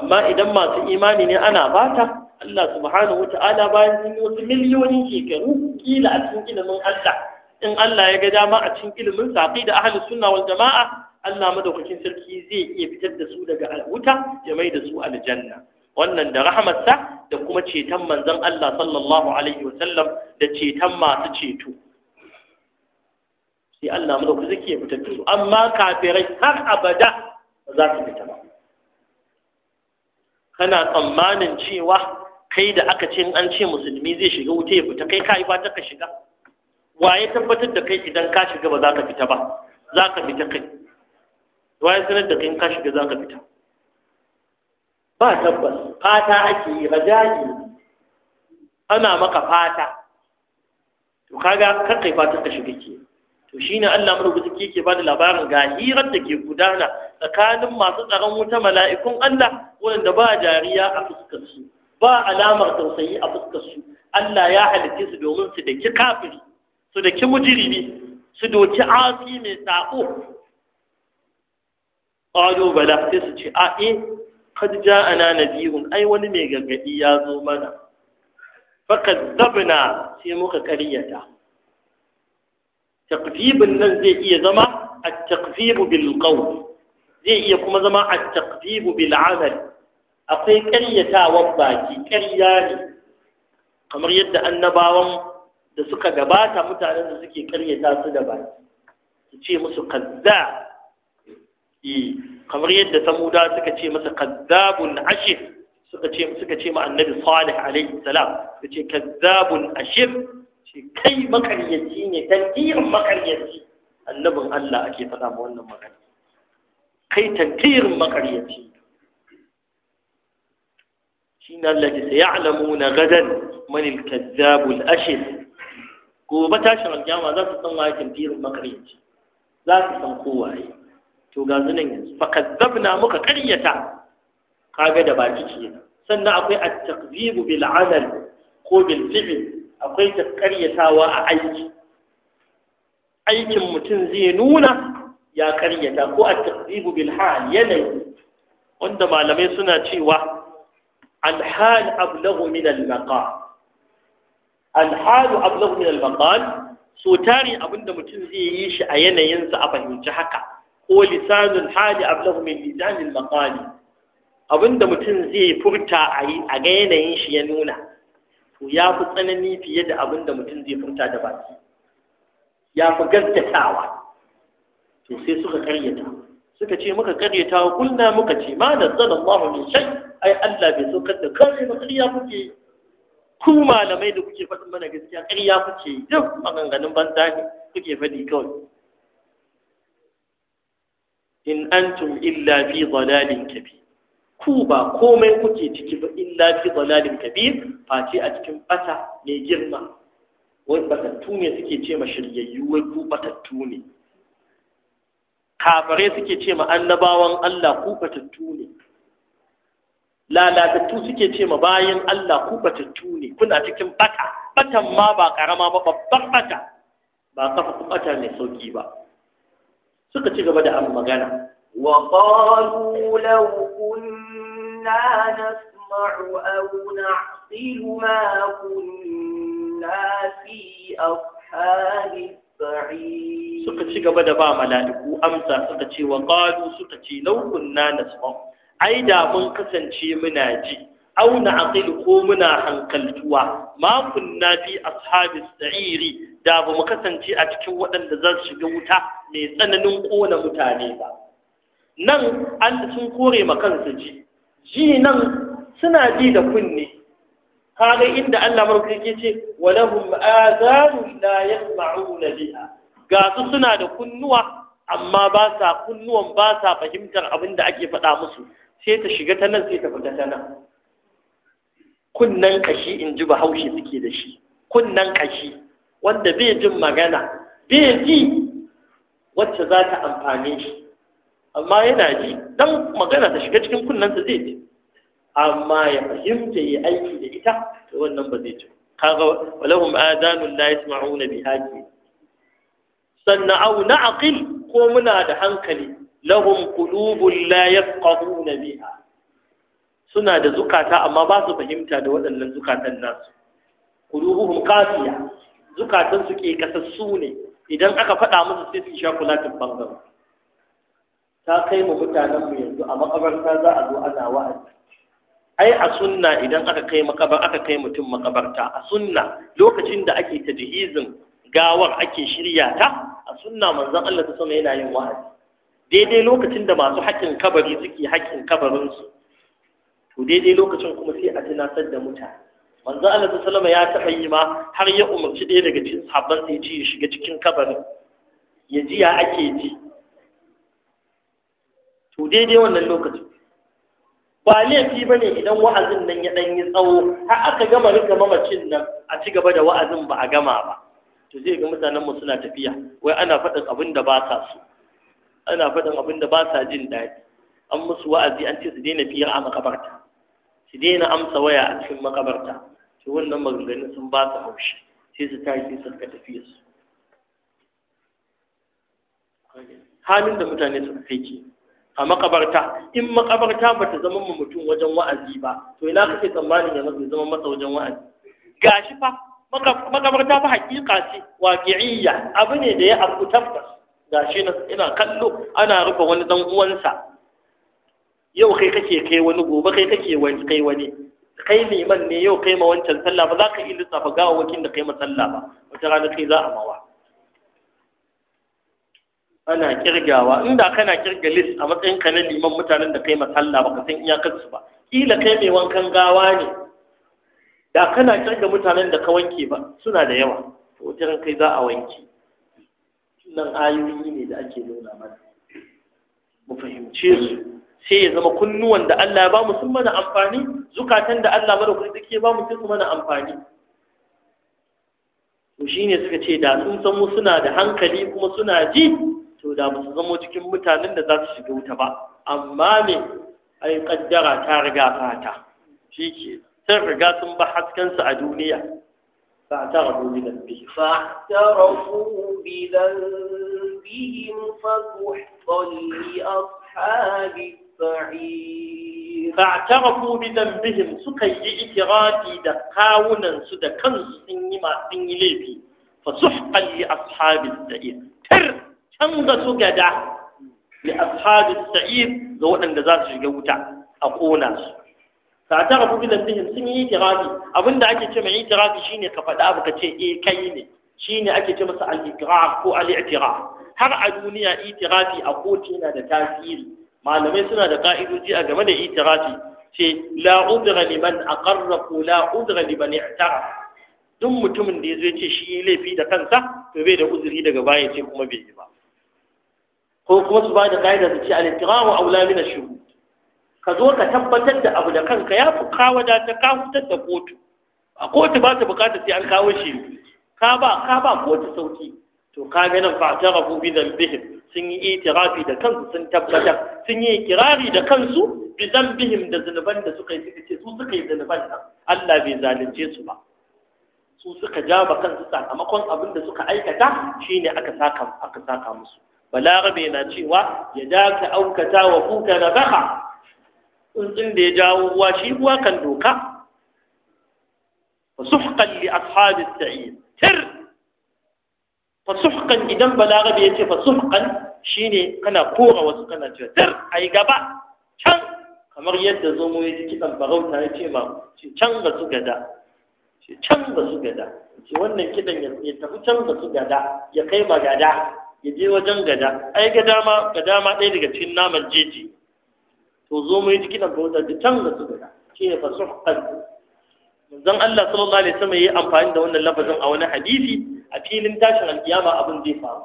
amma idan masu imani ne ana bata Allah subhanahu wata'ala bayan sun yi wasu miliyoyin shekaru kila a cikin ilimin Allah in Allah ya ga dama a cikin ilimin saƙi da ahli sunna wal jama'a Allah madaukakin sarki zai iya fitar da su daga wuta ya mai da su aljanna wannan da rahamarsa da kuma ceton manzon Allah sallallahu alaihi wasallam da ceton masu ceto sai Allah madaukakin sarki ya fitar da su amma kafirai har abada ba za su fita ba kana tsammanin cewa kai da aka ce an ce musulmi zai shiga wuta ya fita kai ka yi fata ka shiga waye tabbatar da kai idan ka shiga ba za ka fita ba za ka fita kai waye sanar da kai ka shiga za ka fita ba tabbas fata ake yi rajaji ana maka fata to kaga kar kai fata ka shiga ke to shine Allah madaukaki ba bada labarin ga hirar da ke gudana tsakanin masu tsaron wuta mala'ikun Allah wanda ba jariya a fuskar su ba alamar tausayi a fuskar su Allah ya halitta su domin su daki kafiri su daki mujrimi su doki asi mai sako qalu bala sai su ce a eh kad ana nabiyun ai wani mai gargadi ya zo mana zabna, sai muka karyata takzibin nan zai iya zama a takzibu bil ƙau zai iya kuma zama a takzibu bil amal akwai karyatawan baki ƙarya ne kamar yadda annabawan da suka gabata mutanen da suke karyata su da baki su ce musu kazza E, kamar yadda samuda suka ce masa kazzabun ashir suka ce suka ce ma annabi salih alaihi salam suka ce kazzabun ashir ce kai makaryaci ne tantirin makaryaci annabin Allah ake faɗa ma wannan magana kai tantirin makaryaci shine Allah ya ce ya'lamuna gadan man al-kazzabul ashir gobe tashin aljama za su san waye tantirin makaryaci za su san kowaye to ga zunan yanzu fa kazzabna muka qaryata kaga da baki ke sannan akwai at-takzib bil amal ko bil fi'l akwai ta qaryatawa a aiki aikin mutum zai nuna ya karyata ko at-takzib bil hal yanayi wanda malamai suna cewa al-hal ablaghu min al-maqal al-hal ablaghu min al-maqal so tari abinda mutum zai yi shi a yanayinsa a fahimci haka ko lisanul hali ablahu min lisanil maqali abinda mutum zai furta a a ga yanayin shi ya nuna to ya fi tsanani fiye da abinda mutum zai furta da baki ya fi gaskatawa to sai suka karyata suka ce muka karyata kunna muka ce ma nazzala Allahu min shay ai Allah bai saukar da kai ba kariya kuke ku malamai da kuke faɗin mana gaskiya kariya kuke duk maganganun banza ne kuke faɗi kawai in antum illa fi dalalin kabir ku ba komai kuke ciki ba illa fi dalalin kabir face a cikin bata mai girma wai batattu ne suke ce ma shiryayyu wai ku batattu ne kafare suke ce ma annabawan Allah ku batattu ne lalatattu suke ce ma bayan Allah ku batattu ne kuna cikin bata batan ma ba karama ba babban bata ba kafa ta mai sauki ba suka ci gaba da magana وقالوا لو كنا نسمع أو نعقل ما كنا في أصحاب السعير suka ci gaba da ba mala'iku amsa suka ce wa qalu suka ce law kunna nasma ai da mun kasance muna ji au na aqilu ko muna hankaltuwa ma kunna fi da sa'iri da ba mu kasance a cikin waɗanda za su shiga wuta mai tsananin ƙona mutane ba nan an sun kore ma ji ji nan suna ji da kunne kaga inda Allah markai ke ce walahum azanun la yasma'una biha ga su suna da kunnuwa amma ba sa kunnuwan ba sa fahimtar abin da ake faɗa musu sai ta shiga ta nan sai ta fita ta nan kunnan kashi in ji bahaushe suke da shi kunnan kashi wanda bai jin magana bai ji wacce za ta amfane shi amma yana ji dan magana ta shiga cikin sa zai ji amma ya fahimta ya aiki da ita to wannan ba zai ji kaga walahum adanun la yasma'una bi ki sannan au na'qil ko muna da hankali lahum qulubun la yafqahuna biha suna da zukata amma ba su fahimta da waɗannan zukatan nasu qulubuhum qasiya zukatan suke ke kasassu ne idan aka faɗa musu sai su sha kulatin bangaren ta kai mu mutanen mu yanzu a makabarta za a zo ana wa'azi ai a sunna idan aka kai makabar aka kai mutum makabarta a sunna lokacin da ake tajihizin gawar ake shirya ta a sunna manzon Allah ta sama yana yin wa'azi daidai lokacin da masu haƙin kabari suke haƙin kabarinsu to daidai lokacin kuma sai a tunatar da mutane manzo Allah sallama ya taɓa yi ma har ya umarci ɗaya daga cikin sahabban sai ce ya shiga cikin kabarin ya ji ya ake ji to daidai wannan lokacin ba laifi ba ne idan wa'azin nan ya ɗan yi tsawo har aka gama rika mamacin nan a ci gaba da wa'azin ba a gama ba to zai ga mutanen mu suna tafiya wai ana faɗin abin da ba sa so ana faɗin abin da ba sa jin daɗi an musu wa'azi an ce su daina fiye a makabarta su daina amsa waya a cikin makabarta to wannan maganganun sun ba su haushi sai su tashi sai su ka tafiya su halin da mutane sun kai ke a makabarta in makabarta ba ta zama ma mutum wajen wa'azi ba to ina kake tsammanin ya zama zama masa wajen wa'azi gashi fa makabarta fa hakika ce waqi'iyya abu ne da ya afku tabbas gashi na ina kallo ana rufe wani dan uwansa yau kai kake kai wani gobe kai kake wani kai wani kai liman ne yau kai ma wancan sallah ba za ka yi lissafa gawawakin da kai ma sallah ba wata rana kai za a mawa ana kirgawa inda kana kirga lis a matsayin ka na liman mutanen da kai ma sallah ba ka san iyakarsu ba kila kai mai wankan gawa ne da kana kirga mutanen da ka wanke ba suna da yawa to wata kai za a wanke nan ayoyi ne da ake nuna mana mu fahimce su sai ya zama kunnuwan da Allah ya ba mu sun mana amfani zukatan da Allah madaukaki take ba mu sun mana amfani to shine suka ce da sun san mu suna da hankali kuma suna ji to da ba su zama cikin mutanen da za su shiga wuta ba amma me ai kaddara ta riga fata shike sun riga sun ba hasken su a duniya ta rabu فاعترفوا بذنبهم فاعترفوا بذنبهم فسحقا لأصحاب ba a cewa ku bidan suka yi ikirati da kawunansu da kansu sun yi masu yi laifi fa a sahabin sa'ir tir can ga su gada da a sahabin ga waɗanda za su shiga wuta a ƙona su ba a cewa ku bidan sun yi ikirati abinda ake ce mai ikirati shine ka faɗa abu ka ce kai ne ake ce masa al-ikirar ko al-ikirar har a duniya itirafi a kotu yana da tasiri malamai suna da ka'idoji a game da itirafi ce la udra liman aqarra ko la udra liman i'tara duk mutumin da yazo yace shi laifi da kansa to bai da uzuri daga baya ce kuma bai yi ba ko kuma su ba da ka'ida su ce al-iqraru aula min ash-shuhud ka zo ka tabbatar da abu da kanka ya fi kawo da ta kawo da kotu a kotu ba ta bukata sai an kawo shi ka ba ka ba kotu sauki to ka ga nan fa ta rabu bi dambihim sun yi itirafi da kansu sun tabbatar sun yi kirari da kansu bi zambihim da zunuban da suka yi suka ce su suka yi zunuban nan Allah bai zalunce su ba su suka jaba kansu sakamakon abin da suka aikata shine aka saka aka saka musu balarabe na cewa ya daka aukata wa kuka na baka tsuntsun da ya jawo ruwa shi ruwa kan doka wa suhqan li sa'id tir fasuhkan idan balarabe ya ce fasuhkan shine kana kora wasu kana cewa dir ai gaba can kamar yadda zomo ya ji kiɗan farauta ya ce ma can ga su gada can ga su gada ce wannan kiɗan ya tafi can ga su gada ya kai ma gada ya je wajen gada ai gada ma gada ma ɗaya daga cikin naman jeji to zomo ya ji kiɗan farauta da can ga su gada shi fasuhkan Zan Allah sallallahu alaihi wasallam ya yi amfani da wannan lafazin a wani hadisi a filin tashin alkiyama abin zai faru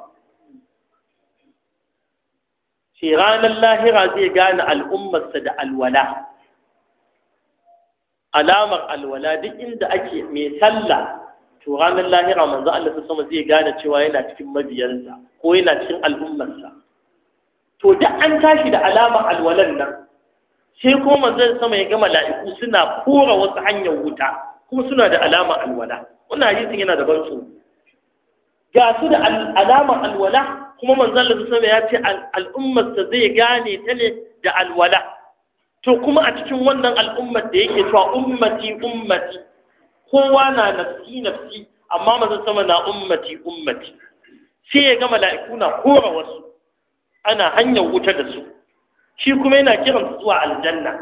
shi ranar lahira zai gane al'ummarsa da alwala alamar alwala duk inda ake mai sallah to ranar lahira manzo Allah su sama zai gane cewa yana cikin mabiyansa ko yana cikin al'ummarsa to duk an tashi da alamar alwalan nan sai kuma manzo sama ya ga mala'iku suna kora wasu hanyar wuta kuma suna da alamar alwala wannan hadisin yana da ban tsoro ga su da alamar alwala kuma manzon Allah sama ya ce al'ummarsa zai gane ta ne da alwala to kuma a cikin wannan al'ummar da yake cewa ummati ummati kowa na nafsi nafsi amma manzon sama na ummati ummati sai ya ga mala'iku na kora wasu ana hanyar wuta da su shi kuma yana kiran su zuwa aljanna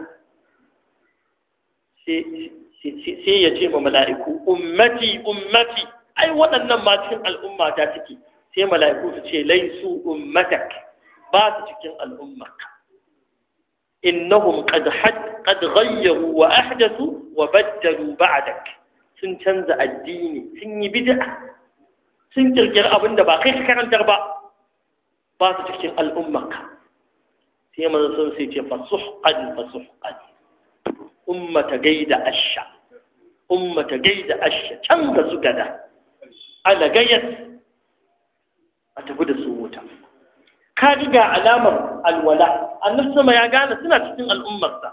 sai ya ce ma mala'iku ummati ummati ai waɗannan ma cikin al'umma ta ciki sai mala'iku su ce laisu ummatak ba su cikin al'ummak innahum qad had qad ghayyaru wa ahdathu wa baddalu ba'dak sun canza addini sun yi bid'a sun kirkiri abin da ba kai ka karantar ba ba su cikin al'ummak sai manzo sun sai ce fasuhqan fasuhqan ummata gaida asha ummata gaida asha canza su gada Ala gayyat a tafi da su wuta ka ga alamar alwala annabi sama ya gane suna cikin al'ummarsa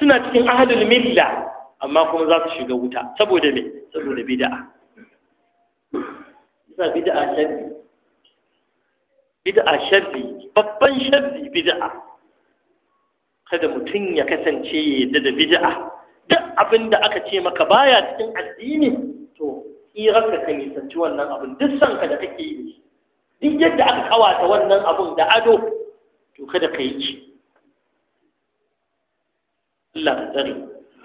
suna cikin ahlul milla amma kuma za su shiga wuta saboda me saboda bid'a isa bid'a sharri bid'a sharri babban sharri bid'a kada mutum ya kasance yadda da bid'a duk abin da aka ce maka baya cikin addini tsirarka ka nisanci wannan abin duk sanka da kake yi duk yadda aka kawata wannan abin da ado to kada ka yi ci Allah ka tsare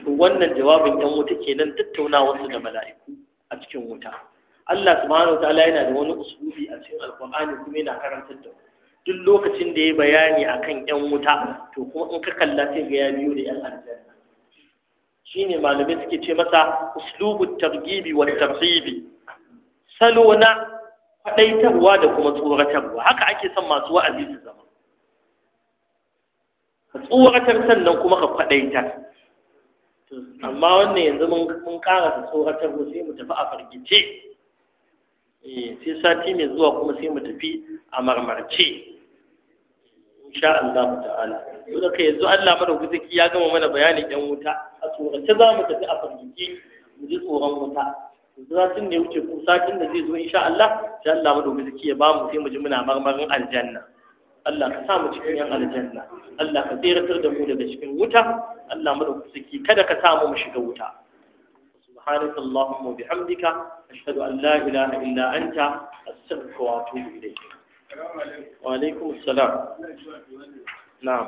to wannan jawabin yan wuta kenan tattauna wasu da mala'iku a cikin wuta Allah subhanahu wa ta'ala yana da wani usulubi a cikin alqur'ani kuma yana karantar da duk lokacin da ya bayani akan yan wuta to kuma in ka kalla sai ga ya biyo da yan aljanna shine malamai suke ce masa uslubut targibi wa tarhibi salo na faɗaitarwa da kuma tsoratarwa haka ake son masu wa'azi su zama ka tsoratar sannan kuma ka faɗaitar amma wannan yanzu mun ƙara da tsoratar mu sai mu tafi a fargice eh, sai sati mai zuwa kuma sai mu tafi a marmarce insha Allah ta'ala yau da yanzu Allah mana ya gama mana bayanin yan wuta a tsorace za mu tafi a fargiki mu ji tsoron wuta satin da wuce ko satin da zai zo insha Allah sai Allah mu guzaki ya ba mu sai mu ji muna marmarin aljanna Allah ka sa mu cikin yan aljanna Allah ka tsiratar da mu daga cikin wuta Allah mu guzaki kada ka sa mu mu shiga wuta سبحانك اللهم وبحمدك أشهد أن لا إله إلا أنت أستغفرك وأتوب إليك وعليكم السلام نعم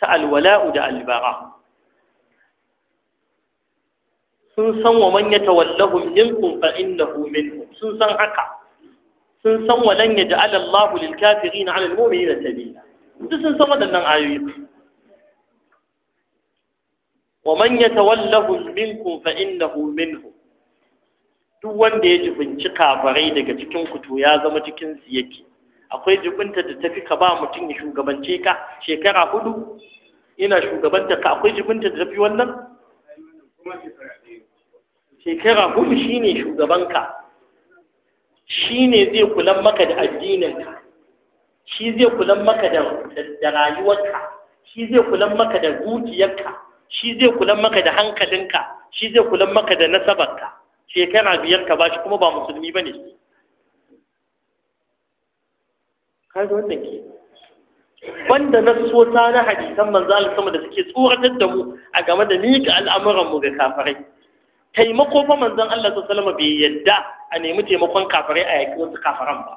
ta alwala'u da albara sun san wa man yatawallahum minkum fa innahu minhum sun san haka sun san wa lan yaj'al Allahu lil kafirin 'ala al mu'minina sabila duk sun san waɗannan ayoyi wa man yatawallahum minkum fa innahu minhum duk wanda ya jibinci kafarai daga cikin ku to ya zama cikin su yake akwai jibinta da tafi ka ba mutum ya shugabance ka shekara hudu ina shugabanta ka akwai jibinta da tafi wannan shekara hudu shine shugabanka shine zai kulan maka da addininka shi zai kulan maka da rayuwarka shi zai kulan maka da dukiyarka shi zai kulan maka da hankalinka shi zai kulan maka da nasabarka shekara biyar ka ba shi kuma ba musulmi ba shi kaga wannan ke banda nassota na hadisan manzo sama da suke tsoratar da mu a game da miƙa al'amuran mu ga kafirai taimako fa manzon Allah sallallahu alaihi wasallam bai yadda a nemi taimakon kafirai a yaƙi wasu kafiran ba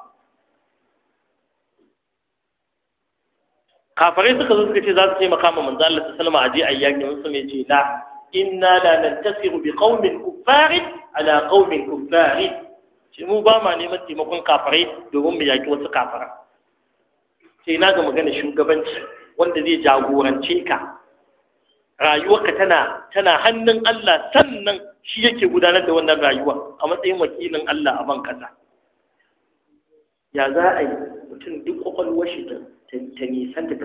kafirai suka zo suka ce za su taimaka ma manzo Allah sallallahu alaihi wasallam a je ayyaki mun sun ce la inna la nantasiru bi qaumin kuffari ala qaumin kuffari ce mu ba ma neman taimakon kafirai domin mu yaki wasu kafara sai na ga magana shugabanci wanda zai jagorance ka rayuwarka tana tana hannun Allah sannan shi yake gudanar da wannan rayuwa a matsayin wakilin Allah a bankasa. ya za a yi mutum duk kwakwalwar shi ta nisan ta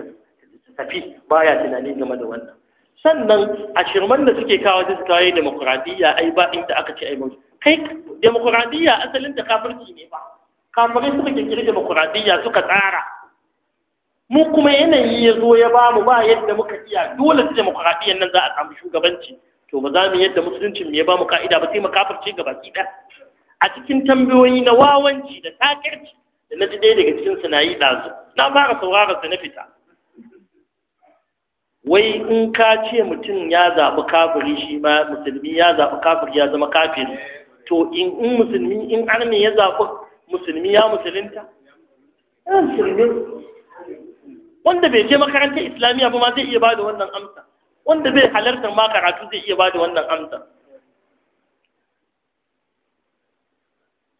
tafi baya tunani game da wannan sannan a shirman da suke kawo su kawo demokuraɗiyya ai ba inda aka ce ai ba kai demokuraɗiyya asalin ta kafirci ne ba kafirai suka kirkiri demokuraɗiyya suka tsara mu kuma yanayi ya zo ya ba mu ba yadda muka iya dole sai demokradiyyar nan za a samu shugabanci to ba za mu yadda musuluncin ya ba mu ka'ida ba sai mu kafirce ga baki ɗan a cikin tambayoyi na wawanci da takirci da na ji ɗaya daga cikin su na yi ɗazu na fara saurara na fita wai in ka ce mutum ya zaɓi kafiri shi ma musulmi ya zaɓi kafiri ya zama kafiri to in musulmi in arni ya zaɓi musulmi ya musulunta musulmi wanda bai je makarantar islamiyya ba ma zai iya bada wannan amsa wanda bai halartar ma karatu zai iya bada wannan amsa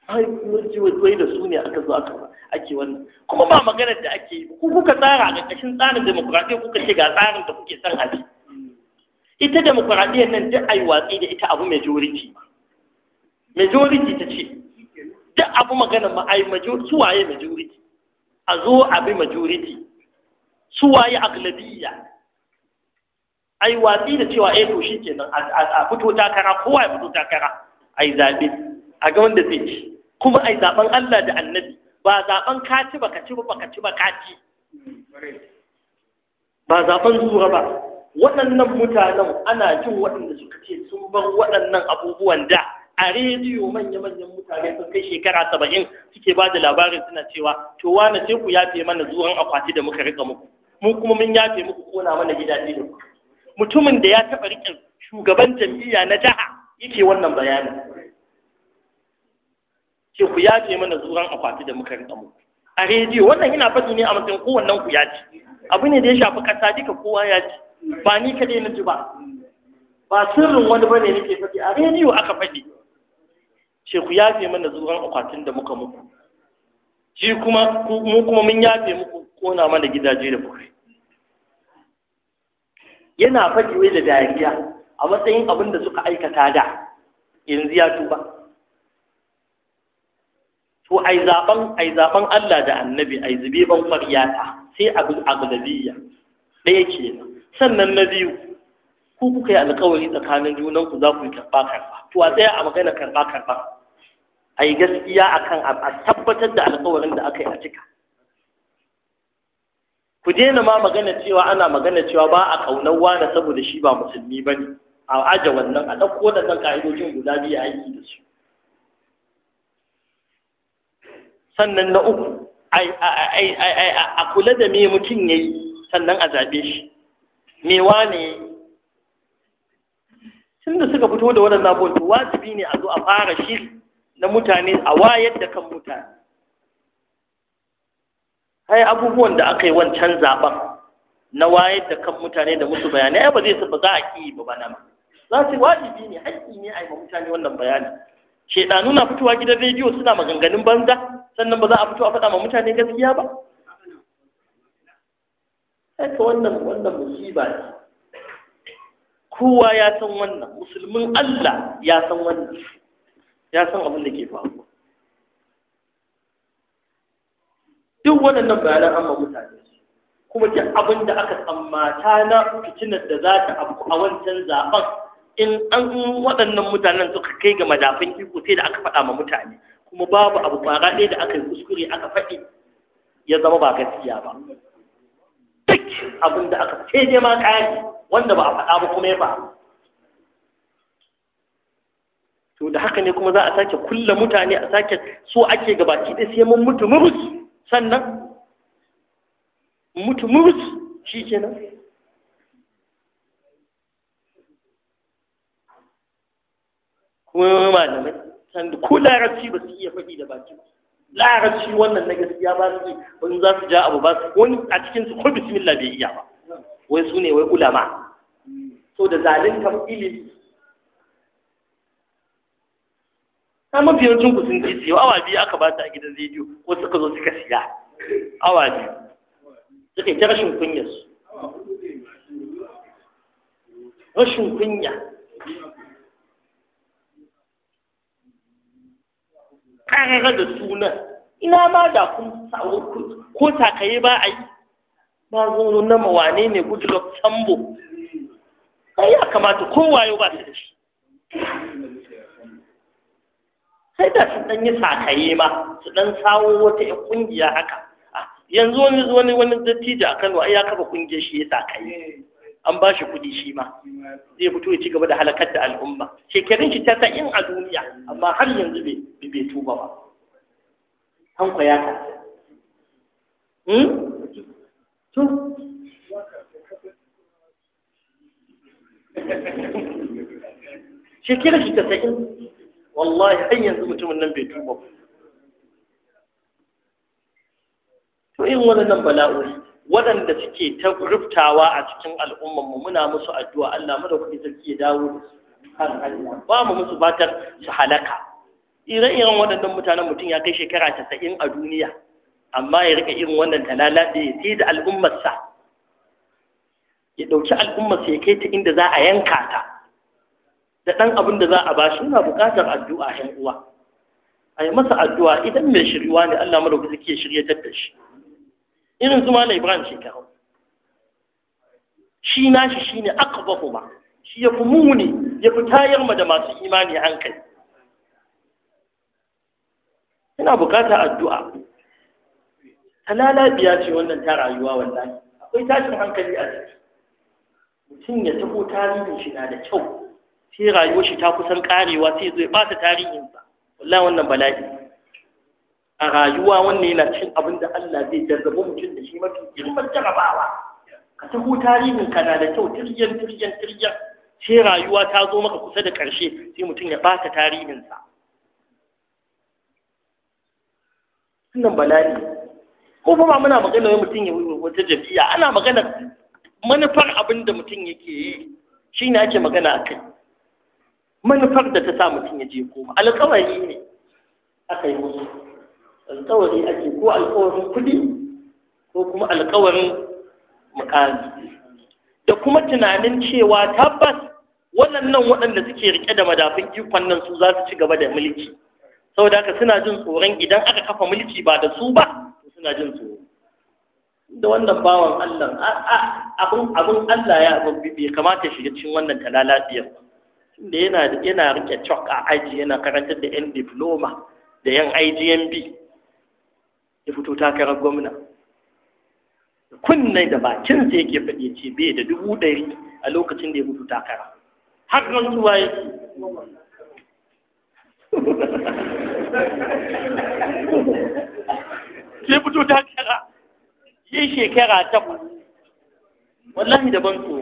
ai murji wai da su ne aka zo aka ake wannan kuma ba maganar da ake yi ku kuka tsara a ƙarƙashin tsarin demokuraɗiyya kuka ce ga tsarin da kuke son abi ita demokuraɗiyyar nan duk ai watsi da ita abu majority majority ta ce duk abu magana ma ai majority suwaye majority a zo abi majority su waye aglabiyya ai watsi da cewa eh to shikenan a fito takara kowa ya fito takara ai zabe a ga wanda zai ci kuma ai zaben Allah da Annabi ba zaben kaci ba kaci ba kaci ba kaci ba zaben zura ba waɗannan mutanen ana jin waɗanda suka ce sun bar waɗannan abubuwan da a rediyo manya-manyan mutane sun kai shekara saba'in suke ba da labarin suna cewa to wane teku ya yafe mana zuwan akwati da muka rika muku mu kuma mun yafe muku kona mana gidaje da mutumin da ya taɓa riƙe shugaban jam'iyya na jaha yake wannan bayanin ce ku yafe mana zuran akwati da muka riƙa muku a rediyo wannan ina faɗi ne a matsayin kowannen ku ya abu ne da ya shafi ƙasa duka kowa ya ci ba ni kaɗai na ji ba ba sirrin wani bane nake faɗi a rediyo aka faɗi ce ku yafe mana zuran akwatin da muka muku ji kuma mu kuma mun yafe muku kona mana gidaje da bukai yana faɗi wai da dariya a matsayin abin da suka aikata da yanzu ya tuba to ai zaben ai zaben Allah da annabi ai zube ban ta sai abu biya ɗaya kenan sannan na biyu ku kuka yi alkawari tsakanin junan ku za ku yi karɓa karɓa to a tsaya a magana karɓa karɓa ai gaskiya akan a tabbatar da alkawarin da aka yi a cika ku daina ma magana cewa ana magana cewa ba a ƙaunar wani saboda shi ba musulmi ba ne a aje wannan a ɗauko waɗannan ƙa'idojin guda biyu aiki da su sannan na uku a kula da me mutum ya yi sannan a zaɓe shi me wane tun da suka fito da waɗannan abubuwan wajibi ne a zo a fara shi na mutane a wayar da kan mutane ai abubuwan da aka yi wancan zaɓen na wayar da kan mutane da musu bayanai ba zai ba za a ki ba bana ma za su wajibi ne haƙƙi ne a yi ma mutane wannan bayani shedanu na fitowa gidan rediyo suna maganganun banza sannan ba za a fito a faɗa ma mutane gaskiya ba haka wannan wannan musiba ne kowa ya san wannan musulmin Allah ya san wannan ya san abin da ke faru duk waɗannan bayanan an ma mutane kuma duk abin da aka tsammata na fitinar da za ta abu a wancan zaɓen in an waɗannan mutanen suka kai ga madafin iko sai da aka faɗa ma mutane kuma babu abu ƙwara ɗaya da aka yi kuskure aka faɗi ya zama ba gaskiya ba duk abin da aka sai dai ma ƙari wanda ba a faɗa ba kuma ya faru to da haka ne kuma za a sake kulle mutane a sake so ake gabaki ɗaya sai mun mutu murus sannan mutu mutu shi kenan kuma malamai sannan ko larabci ba su iya faɗi da baki ba larabci wannan na gaskiya ba su wani za su ja abu ba su wani a cikin su ko bismillah bai iya ba wai su ne wai ulama so da zalintar ilimi mafi mafiyancin ku sun je awa biyu aka ba ta a gidan rediyo ko suka zo suka siya awa biyu suka yi ta rashin kunya su rashin kunya ƙarara da sunan ina ma da kun ko takaye ba a yi ba zo na mawane ne goodluck sambo ai ya kamata kowayo ba su da shi sai da su ɗan yi sakaye ma su ɗan sawo wata ƴan ƙungiya haka ah, yanzu wani wani wani dattijo a Kano ai ya kafa ƙungiyar shi ya sakaye an ba shi kuɗi shi ma zai fito ya ci gaba da halakar da al'umma shekarun shi ta in a duniya amma har yanzu bai bai tuba ba hanko ya ka hmm? to shi ta in wallahi har yanzu mutumin nan bai tuba ba to irin waɗannan bala'o'i waɗanda suke ta rubtawa a cikin mu, muna musu addu'a Allah madaukaki sarki ya dawo da su kan ba mu musu batar su halaka ire-iren waɗannan mutanen mutum ya kai shekara casa'in a duniya amma ya rika irin wannan ta da ya sai da al'ummarsa ya ɗauki al'ummarsa ya kai ta inda za a yanka ta da ɗan abin da za a ba shi yana buƙatar addu'a ‘yan uwa a yi masa addu'a idan mai shirwa ne Allah madaukaki ke shiryatar da shi irin zuma na Ibrahim shekaru shi nashi aka aqbahu ba shi ya fi muni ya fi tayar ma da masu imani hankali yana buƙatar addu'a talalabiya ce wannan ta rayuwa wallahi akwai tashin hankali a ciki mutum ya taho tarihin shi na da kyau sai rayuwar shi ta kusan karewa sai zai ba ta tarihinsa wallahi wannan bala'i a rayuwa wannan yana cin abin da Allah zai jarraba mutum da shi mafi girman jarrabawa ka taho tarihin ka na da kyau tiryan tiryan tiryan sai rayuwa ta zo maka kusa da ƙarshe sai mutum ya ɓata tarihinsa wannan bala'i ko kuma muna magana wai mutum ya wata jabiya ana magana manufar abin da mutum yake yi shi ne ake magana a kai manufar da ta sa mutum ya je koma alƙawari ne aka yi musu alƙawari ake ko alƙawarin kuɗi ko kuma alƙawarin mukami da kuma tunanin cewa tabbas waɗannan waɗanda suke rike da madafin ikon nan su za su ci gaba da mulki saboda haka suna jin tsoron idan aka kafa mulki ba da su ba suna jin tsoro da wannan bawan Allah abin Allah ya bai kamata shiga cikin wannan talalafiyar ba da yana yana rike chok a aji yana karantar da yan diploma da yan IGMB ya fito takarar gwamna kunnai da bakin sa yake faɗi ce bai da dubu ɗari a lokacin da ya fito takara har rantsuwa yake ya fito takara yi shekara ta wallahi ban so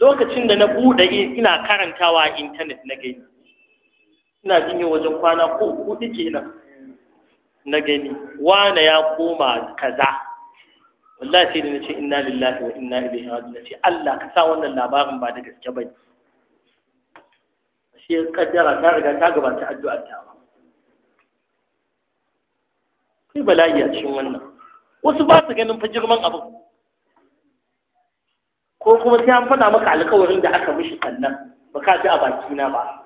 lokacin da na buɗe ina karantawa a intanet na gani ina jin yau wajen kwana ko kuɗi kenan na gani wane ya koma kaza wallahi sai da nace inna lillahi wa inna ilaihi raji'un nace Allah ka sa wannan labarin ba da gaske bane sai kaddara ta riga ta gabata addu'ar ta ba kai bala'i a cikin wannan wasu ba su ganin fa girman abin ko kuma sai an faɗa maka alƙawarin da aka mishi sannan ba ka ji a bakina ba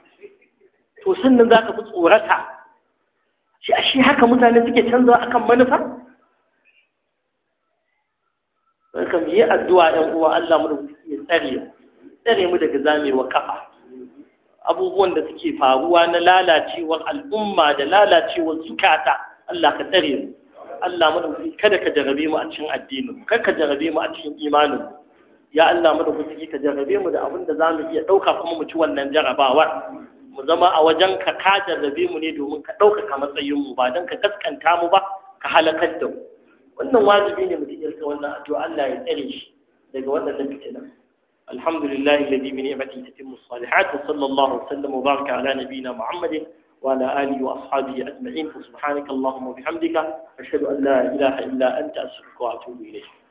to sannan za ka fi tsorata shi a shi haka mutane suke canzawa akan manufa kan yi addu'a ɗan uwa Allah mu da ya tsare tsare mu daga zamewa kafa abubuwan da suke faruwa na lalacewar al'umma da lalacewar zukata Allah ka tsare mu Allah mu kada ka jarabe mu a cikin addinin kada ka jarabe mu a cikin imanin ya Allah mu da kuci ka jarrabe mu da abin da zamu iya dauka kuma mu ci wannan jarrabawar mu zama a wajen ka ka jarrabe mu ne domin ka dauka matsayin mu ba dan ka kaskanta mu ba ka halakar da mu wannan wajibi ne mu ya wannan addu'a Allah ya tsare shi daga wannan fitinan الحمد لله الذي بنعمته تتم الصالحات وصلى الله وسلم وبارك على نبينا محمد وعلى آله وأصحابه أجمعين فسبحانك اللهم وبحمدك أشهد أن لا إله إلا أنت أستغفرك وأتوب إليك